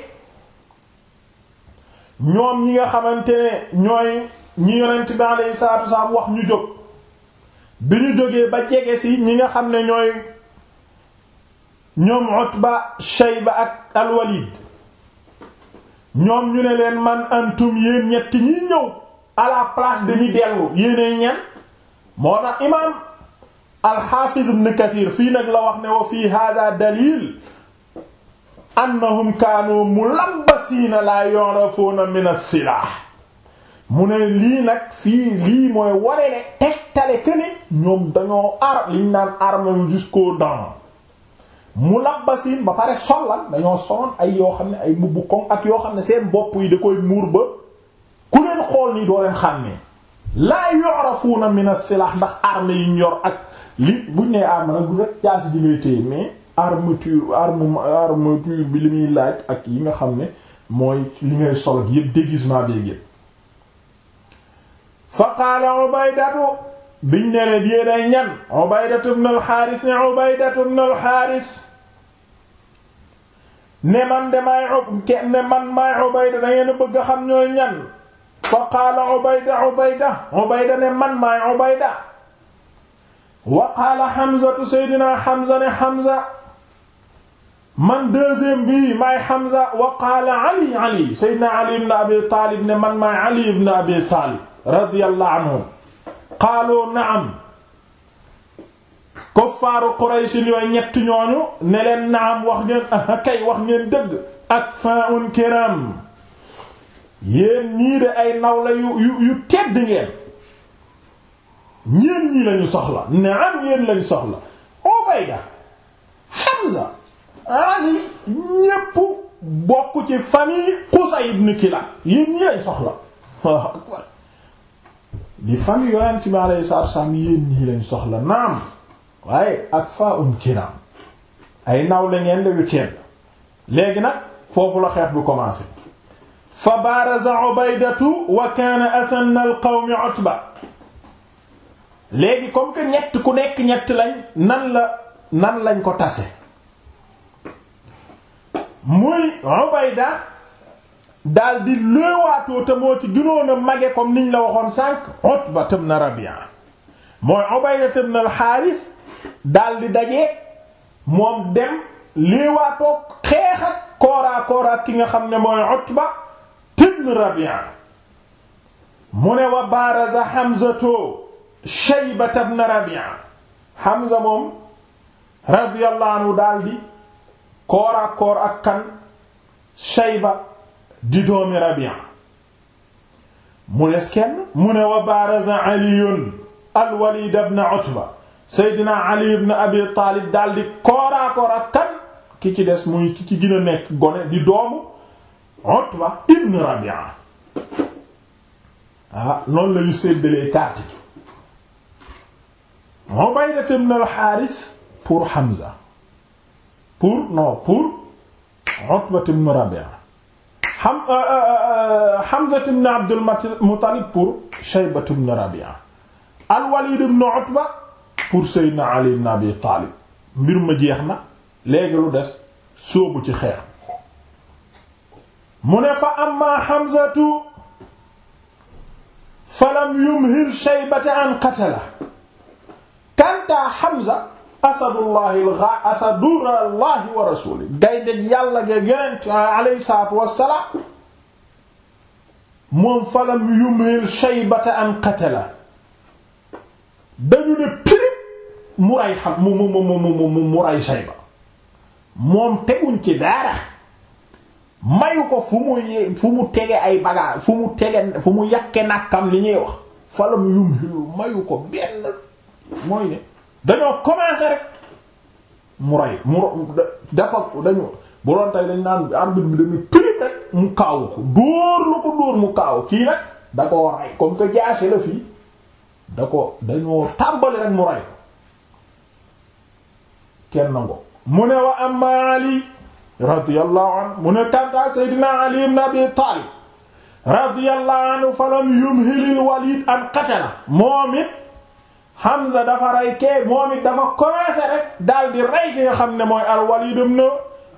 ñoom ñi nga xamante ñooy ñi yonent bi alayhi salaatu wax ñu jóg bi ñu jógee ba jege si ñi nga xam ne ñooy ñoom Utba Shayba ak al ñoom ñu ne leen man antum yéen ñetti ñi ñëw à la place dañu dellu yéenee ñan moo tax imaam al-Hafiz Kathir fii nag la wax ne wa fii hada dalil annahum kaanu mulabbasiina la yu'rafuna min as-silaah mu ne lii nag fii lii mooy ware ne tegtale que ne ñoom dañoo ar liñ naan arme jusqu'aux dents mu labbasin ba pare la dañoo soloon ay yoo xam ne ay mbubb koŋ ak yoo xam ne seen bopp yi da koy muur ba ku leen xool nii doo leen xàmmee laa yu'rafuna min as-silah ndax arme yi ñu yor ak li buñ nee arme nag du rek jaasi di ngay téye mais armature arme armature bi li muy laaj ak yi nga xam ne mooy li ngay sol ak yépp déguisement bi yépp fa qaala ubaydatu biñ ne leen yéen ñan ubaydatu ibn al al-Haaris ne man de maay ne man maay ubayda da ngeen bëgg a xam ñooy ñan fa qaala ubayda ubayda ubayda ne man maay ubayda wa qaala hamzatu seydina hamza ne hamza man deuxième bi maay hamza wa qaala ali ali seydina ali ibn abi taalib ne man maay ali ibn abi taalib radiyallahu anhum qaalu na'am kuffaaru Quraysh yooyu ñett ñooñu ne leen naam wax ngeen aha kay wax ngeen dëgg ak fa'un kiram yéen ñii de ay naw la yu yu yu tedd ngeen ñeen ñii lañu soxla naam yéen lañu soxla Ubayda Hamza Ali ñépp bokk ci famille Qusay ibn Kilab yéen ñii lañu soxla di fan yonent bi alayhi salaatu salaam yéen ñii lañ soxla naam waaye ak faa un ay naw la ngeen ceeb léegi nag foofu la xeex bu commencé fa baaraza ubaydatu wa kaana asanna al qawmi utba léegi comme que ñett ku nekk ñett lañ nan la nan lañ ko tase muy ubayda daal di léewaatoo te moo ci gënoon mage comme niñ la waxoon sànq Utba ibn Rabi'a mooy Ubayda ibn al-Harith daje moom dem léewaatoo xeex ak kooraa ki nga xam ne mooy Utba ibn Rabi'a mu ne wa baaraza Hamzatu Shayba ibn Rabi'a Hamza moom radiyallahu anhu daal koor ak kan Shayba di doomi Rabi'a mu des kenn mu ne wa baaraza aliyun al-Walid ibn Utba Seydina Ali ibn Abi di kooraakoora kan ki ci des muy ki ci gën a nekk gone di doomu Utba ibn Rabi'a ah, noonu la ñu séddalee gi Ubayda ibn al-Harith pour Hamza pour non pour Utba ibn Rabi'a xam euh, euh, euh, Hamza ibn Abdul Muttalib pour Shayba ibn Rabi'a al-Walid ibn Utba pour Sayyidina Ali ibn Abi Talib mbir ma jeex na léegi lu des sóobu ci xeex mu ne fa amma Hamzatu falam yumhil Shaybata an qatala kanta Hamza asadullahi lga asadullahi wa rasuli gaynde yàlla ga yonent ah, alayhi moom falam yumhil qatala dañu ne pirip mu ray xam mu mu mu mu mu mu ray moom teguñ ci dara mayu ko fu mu fu mu tege ay bagage fu mu tege fu mu yàkke nàkkam li ñuy wax falam yumhil mayu ko benn mooy ne dañoo commencé rek mu rey mu dafa dañu bu doon tey dañ naan arbitre bi dañu prime rek mu kaawu ko lu ko dóor mu kaawu kii nag da koo rey comme que jaase la fii da ko dañoo tàmbali rek mu rey kenn nango mu ne wa amma ali radiyallahu anhu mu ne kantaa seydina ali ibn taalib radiyallahu anhu falam yumhilil walid an qatala moom it Hamza dafa rey kee moom it dafa commencé rek daal di rey ki xam ne mooy al-Walid ibn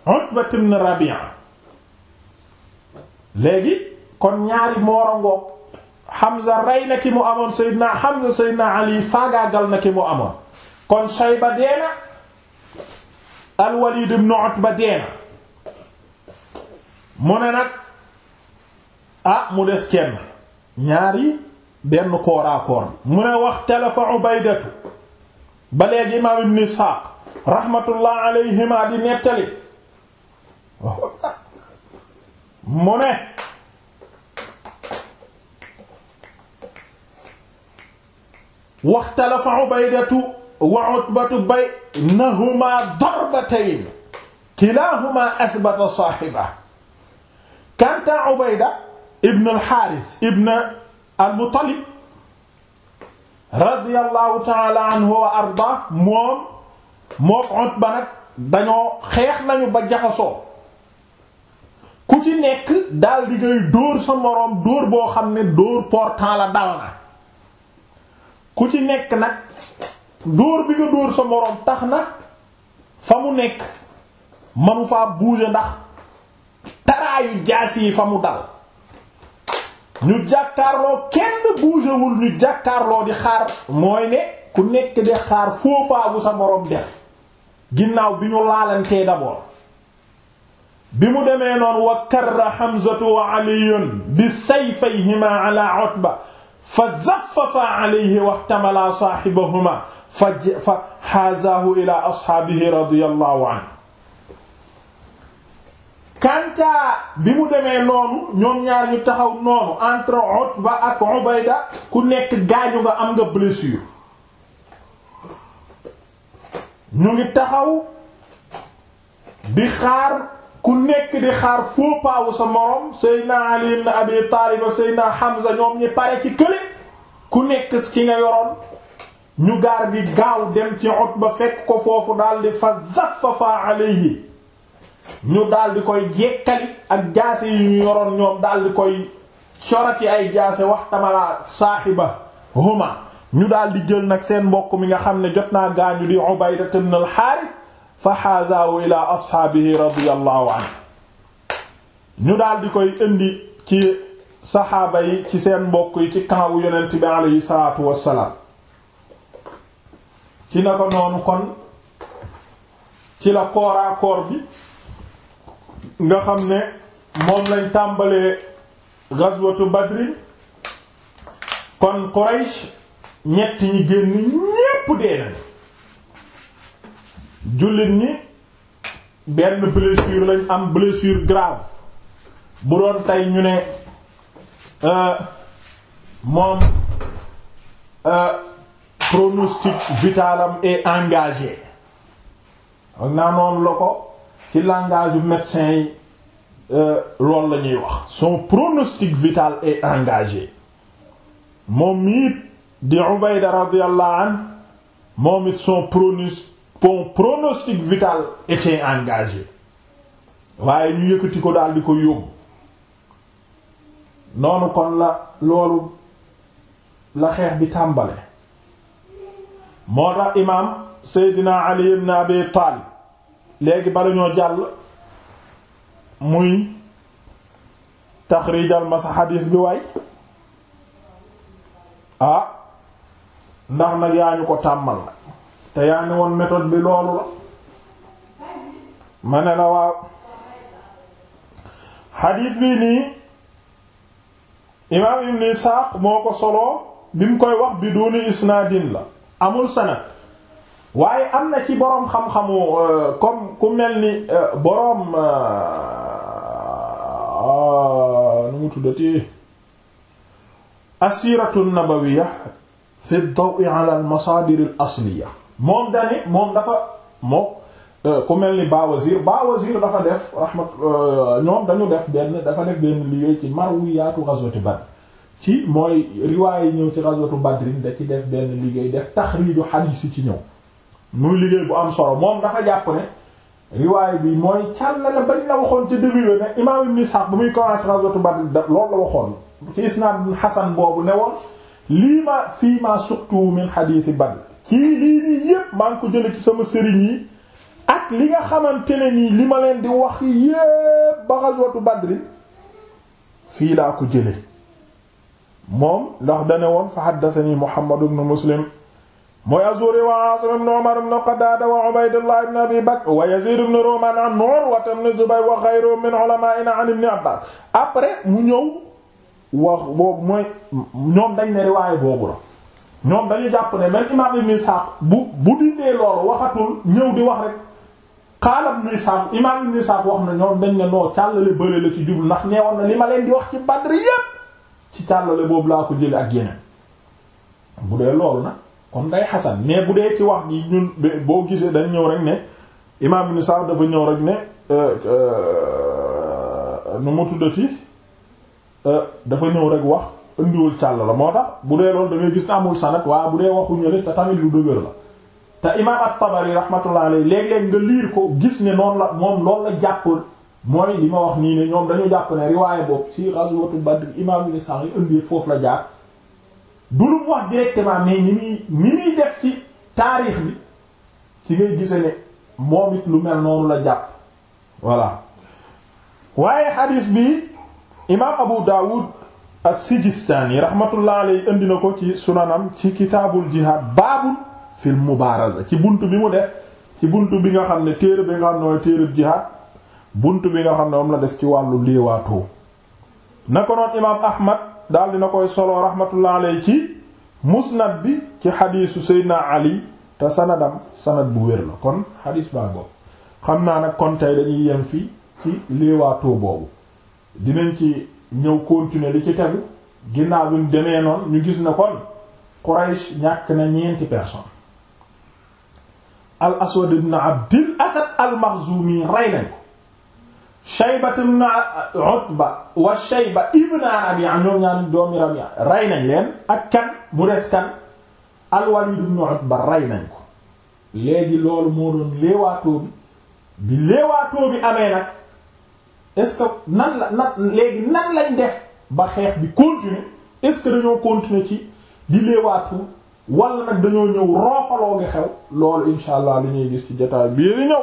Utba ibn Rabi'a léegi kon ñaari moorangoog Hamza rey na ki mu amoon Seydina Hamza Seydina Ali faagaagal na ki mu amoon kon Shayba deena al-Walid ibn Utba deena mu ne nag ah mu des kenn ñaari benn kooraakoor mu ne wax telefa ubaydatu ba léegi imaam ibn isxaaq rahmatullah alayhima di nettali mu ne waxtalafa ubaydatu wa utbatu bay nahuma darbatayn kilahuma athbata saahiba kanta ubayda ibn al-haaris ibn al-Muttalib radiyallahu ta'ala anhu arda moom mook Utba nag dañoo xeex nañu ba jaxasoo ku ci nekk daal di ngay dóor sa moroom dóor boo xam ne dóor portant la dal na ku ci nekk nag dóor bi nga dóor sa moroom tax na fa mu nekk manu faa bouger ndax taraayu jaas yi fa mu dal ñu jàkkaarloo kenn bougéwul ñu jàkkaarloo di xaar mooy ne ku nekk di xaar foofa bu sa moroom def ginnaaw bi ñu laalantee d'abord bi mu demee noonu wa karra Hamzatu wa Aliyun bi sayfayhima ala Utba fa zaffafa alayhi waxtamala saaxibahuma fa fa xaazaahu ila asxaabihi radiyallahu anhu kanta bi mu demee noonu ñoom ñaar ñu taxaw noonu entre Utba ak Ubayda ku nekk gaañu nga am nga blessure ñu ngi taxaw di xaar ku nekk di xaar faux pas sa morom Seydina Ali ibn Abi Talib Hamza ñoom ñi pare ci kële ku nekk ki nga yoroon ñu gaar bi gaaw dem ci Utba fekk ko foofu daal di fa zaffafa yi ñu daldi koy jekkali ak jaase yu ñu yoroon ñoom daldi di koy corati ay jaase wax tamalaa saaxiba huma ñu daldi jël nag seen mbokk mi nga xam ne jot naa gaañu di Ubayda ibn al fa xaazaahu ila ashaabihi radiyallahu anhu ñu daldi koy indi ci saxaaba yi ci seen mbokk yi ci kanawu yonent bi aleyhi salaatu wassalaam ci na ko noonu kon ci la kooraakoor bi nga xam ne moom lañ tàmbalee gazwatu badrin kon Quraysh ñetti ñi génn ñépp dee nañ jullit ñi benn blessure lañ am blessure grave bu doon tey ñu ne euh, moom euh, pronostic vitalam est engagé. ak naa noonu la ko ci langage yu médecin yi euh, loolu lañuy ñuy wax son pronostic vital est engagé moom it di Ubayda radiyallahu moom it son pronostic vital était engagé waaye ñu yëkkati ko daal di ko yóbbu noonu kon la loolu la xeex bi tàmbale moo tax imaam Seydina Ali ibn Abi Talib léegi bala ñoo jàll muy taxrijal ma sa xadiis bi waay ah ndax nag yaa ñu ko tàmmal la te yaa ni woon méthode bi loolu la ma ne la waaw xadiis bi nii imaam ibn Isaaq moo ko solo bi mu koy wax bi duuni isnaadin la amul sanad waaye am na ci boroom xam-xamu euh, comme ku mel ni euh, boroom euh, nu mu tuddati asiratu nabawiya fi ad-dawi ala al-masadir al moom moom dafa moom ku mel ni Bawazir Bawazir dafa def rahmat ñoom dañu def benn dafa def liggéey ci marwiyaatu ghazwati Badr ci mooy riwaay yi ñëw ci ghazwatu Badr da ci def benn liggéey def taxriiju xadiis si ci ñëw muy liggéey bu am solo moom dafa jàpp ne riwaay bi mooy càllale bañ la waxoon ca début ba ne imaam Ibn Ishaq bu muy commencé ghazwatu Badr da loolu la waxoon ci isnaad hasan boobu ne woon lii ma fii ma suqtu min hadiisi Badr ci lii nii yépp maa ngi ko jële ci sama sëriñ yi ak li nga xamante ne nii li ma leen di wax yépp ba ghazwatu Badr fii laa ko jële moom ndax dane woon fa haddathani Muhammad ibn Muslim mooy Azuri wa Asim ibn Umar ibn Qadada wa Ubaydullah ibn Abi Bakr wa Yazid ibn Ruman an Urwa ibn Zubayr wa ghayruhum min ulama'ina an ibn Abbas après mu ñëw wax boobu mooy ñoom dañ ne riwaaye boobu la ñoom dañu jàpp ne même imam Ibn bu bu dindee loolu waxatul ñëw di wax rek qaala Ibn Ishaq imam Ibn Ishaq wax na ñoom dañ ne noo càllale bëre la ci jublu ndax neewoon na li ma leen di wax ci Badr ci càllale boobu laa ko jële ak yeneen bu kon day xasan mais bu dee ci wax ji ñun boo gisee dañ ñëw rek ne imaam ni Sa'd dafa ñëw rek ne euh, euh, nu mu tuddati euh, dafa ñëw rek wax indiwul càll la moo tax bu dee loolu da ngay gis ne amul sanad waaye bu dee waxuñu rek te tamit lu dëgër la te imaam at-Tabari rahmatullah alayhi léeg-léeg nga liir ko gis ne noon la moom lool la jàpp mooy li ma wax nii ne ñoom dañu jàpp ne riwaaye boobu ci ghazwatu Badr imaam ibn Sa'd indi foofu la jaar du lu mu wax directement mais ñi muy ñi def ci taarix bi ci ngay gise ne moom it lu mel noonu la jàpp voilà waaye xadiis bi imaam Abu Dawud as-Sijistaani rahmatullah alayhi indi na ko ci sunanam ci kitaabul jihaad baabul fil mubaaraza ci bunt bi mu def ci bunt bi nga xam ne téere bi nga xam ne mooy téereb bunt bi nga xam ne moom la def ci wàllu liiwaatoo na ko noon imaam Ahmad daal na koy solo rahmatullah ci musnad bi ci xadiisu seydna ali te sanadam sanad bu wér la kon xadiis baa gopp xam naa nag kon tey dañuy yem fii ci léewaatoo boobu dinañ ci ñëw continuer li ci tegu ginnaaw bi mu demee noonu ñu gis na kon Quraysh ñàkk na ñeenti personne al aswad ibn abdil asad al maxzumi rey nañ ko Shayba ibn Utba wa Shayba ibn Rabi'a ñoom ñaari doomi Rabi'a rey nañ leen ak kan mu des kan al-Walid ibn Utba rey nañ ko léegi loolu moo doon léewaatoo bi bi léewaatoo bi amee nag est-ce nan la nan léegi nan lañ def ba xeex bi continuer est-ce dañoo continuer ci di léewaatoo wala nag dañoo ñëw roofaloo nga xew loolu insha allah li ñuy gis ci jotaay bii di ñëw.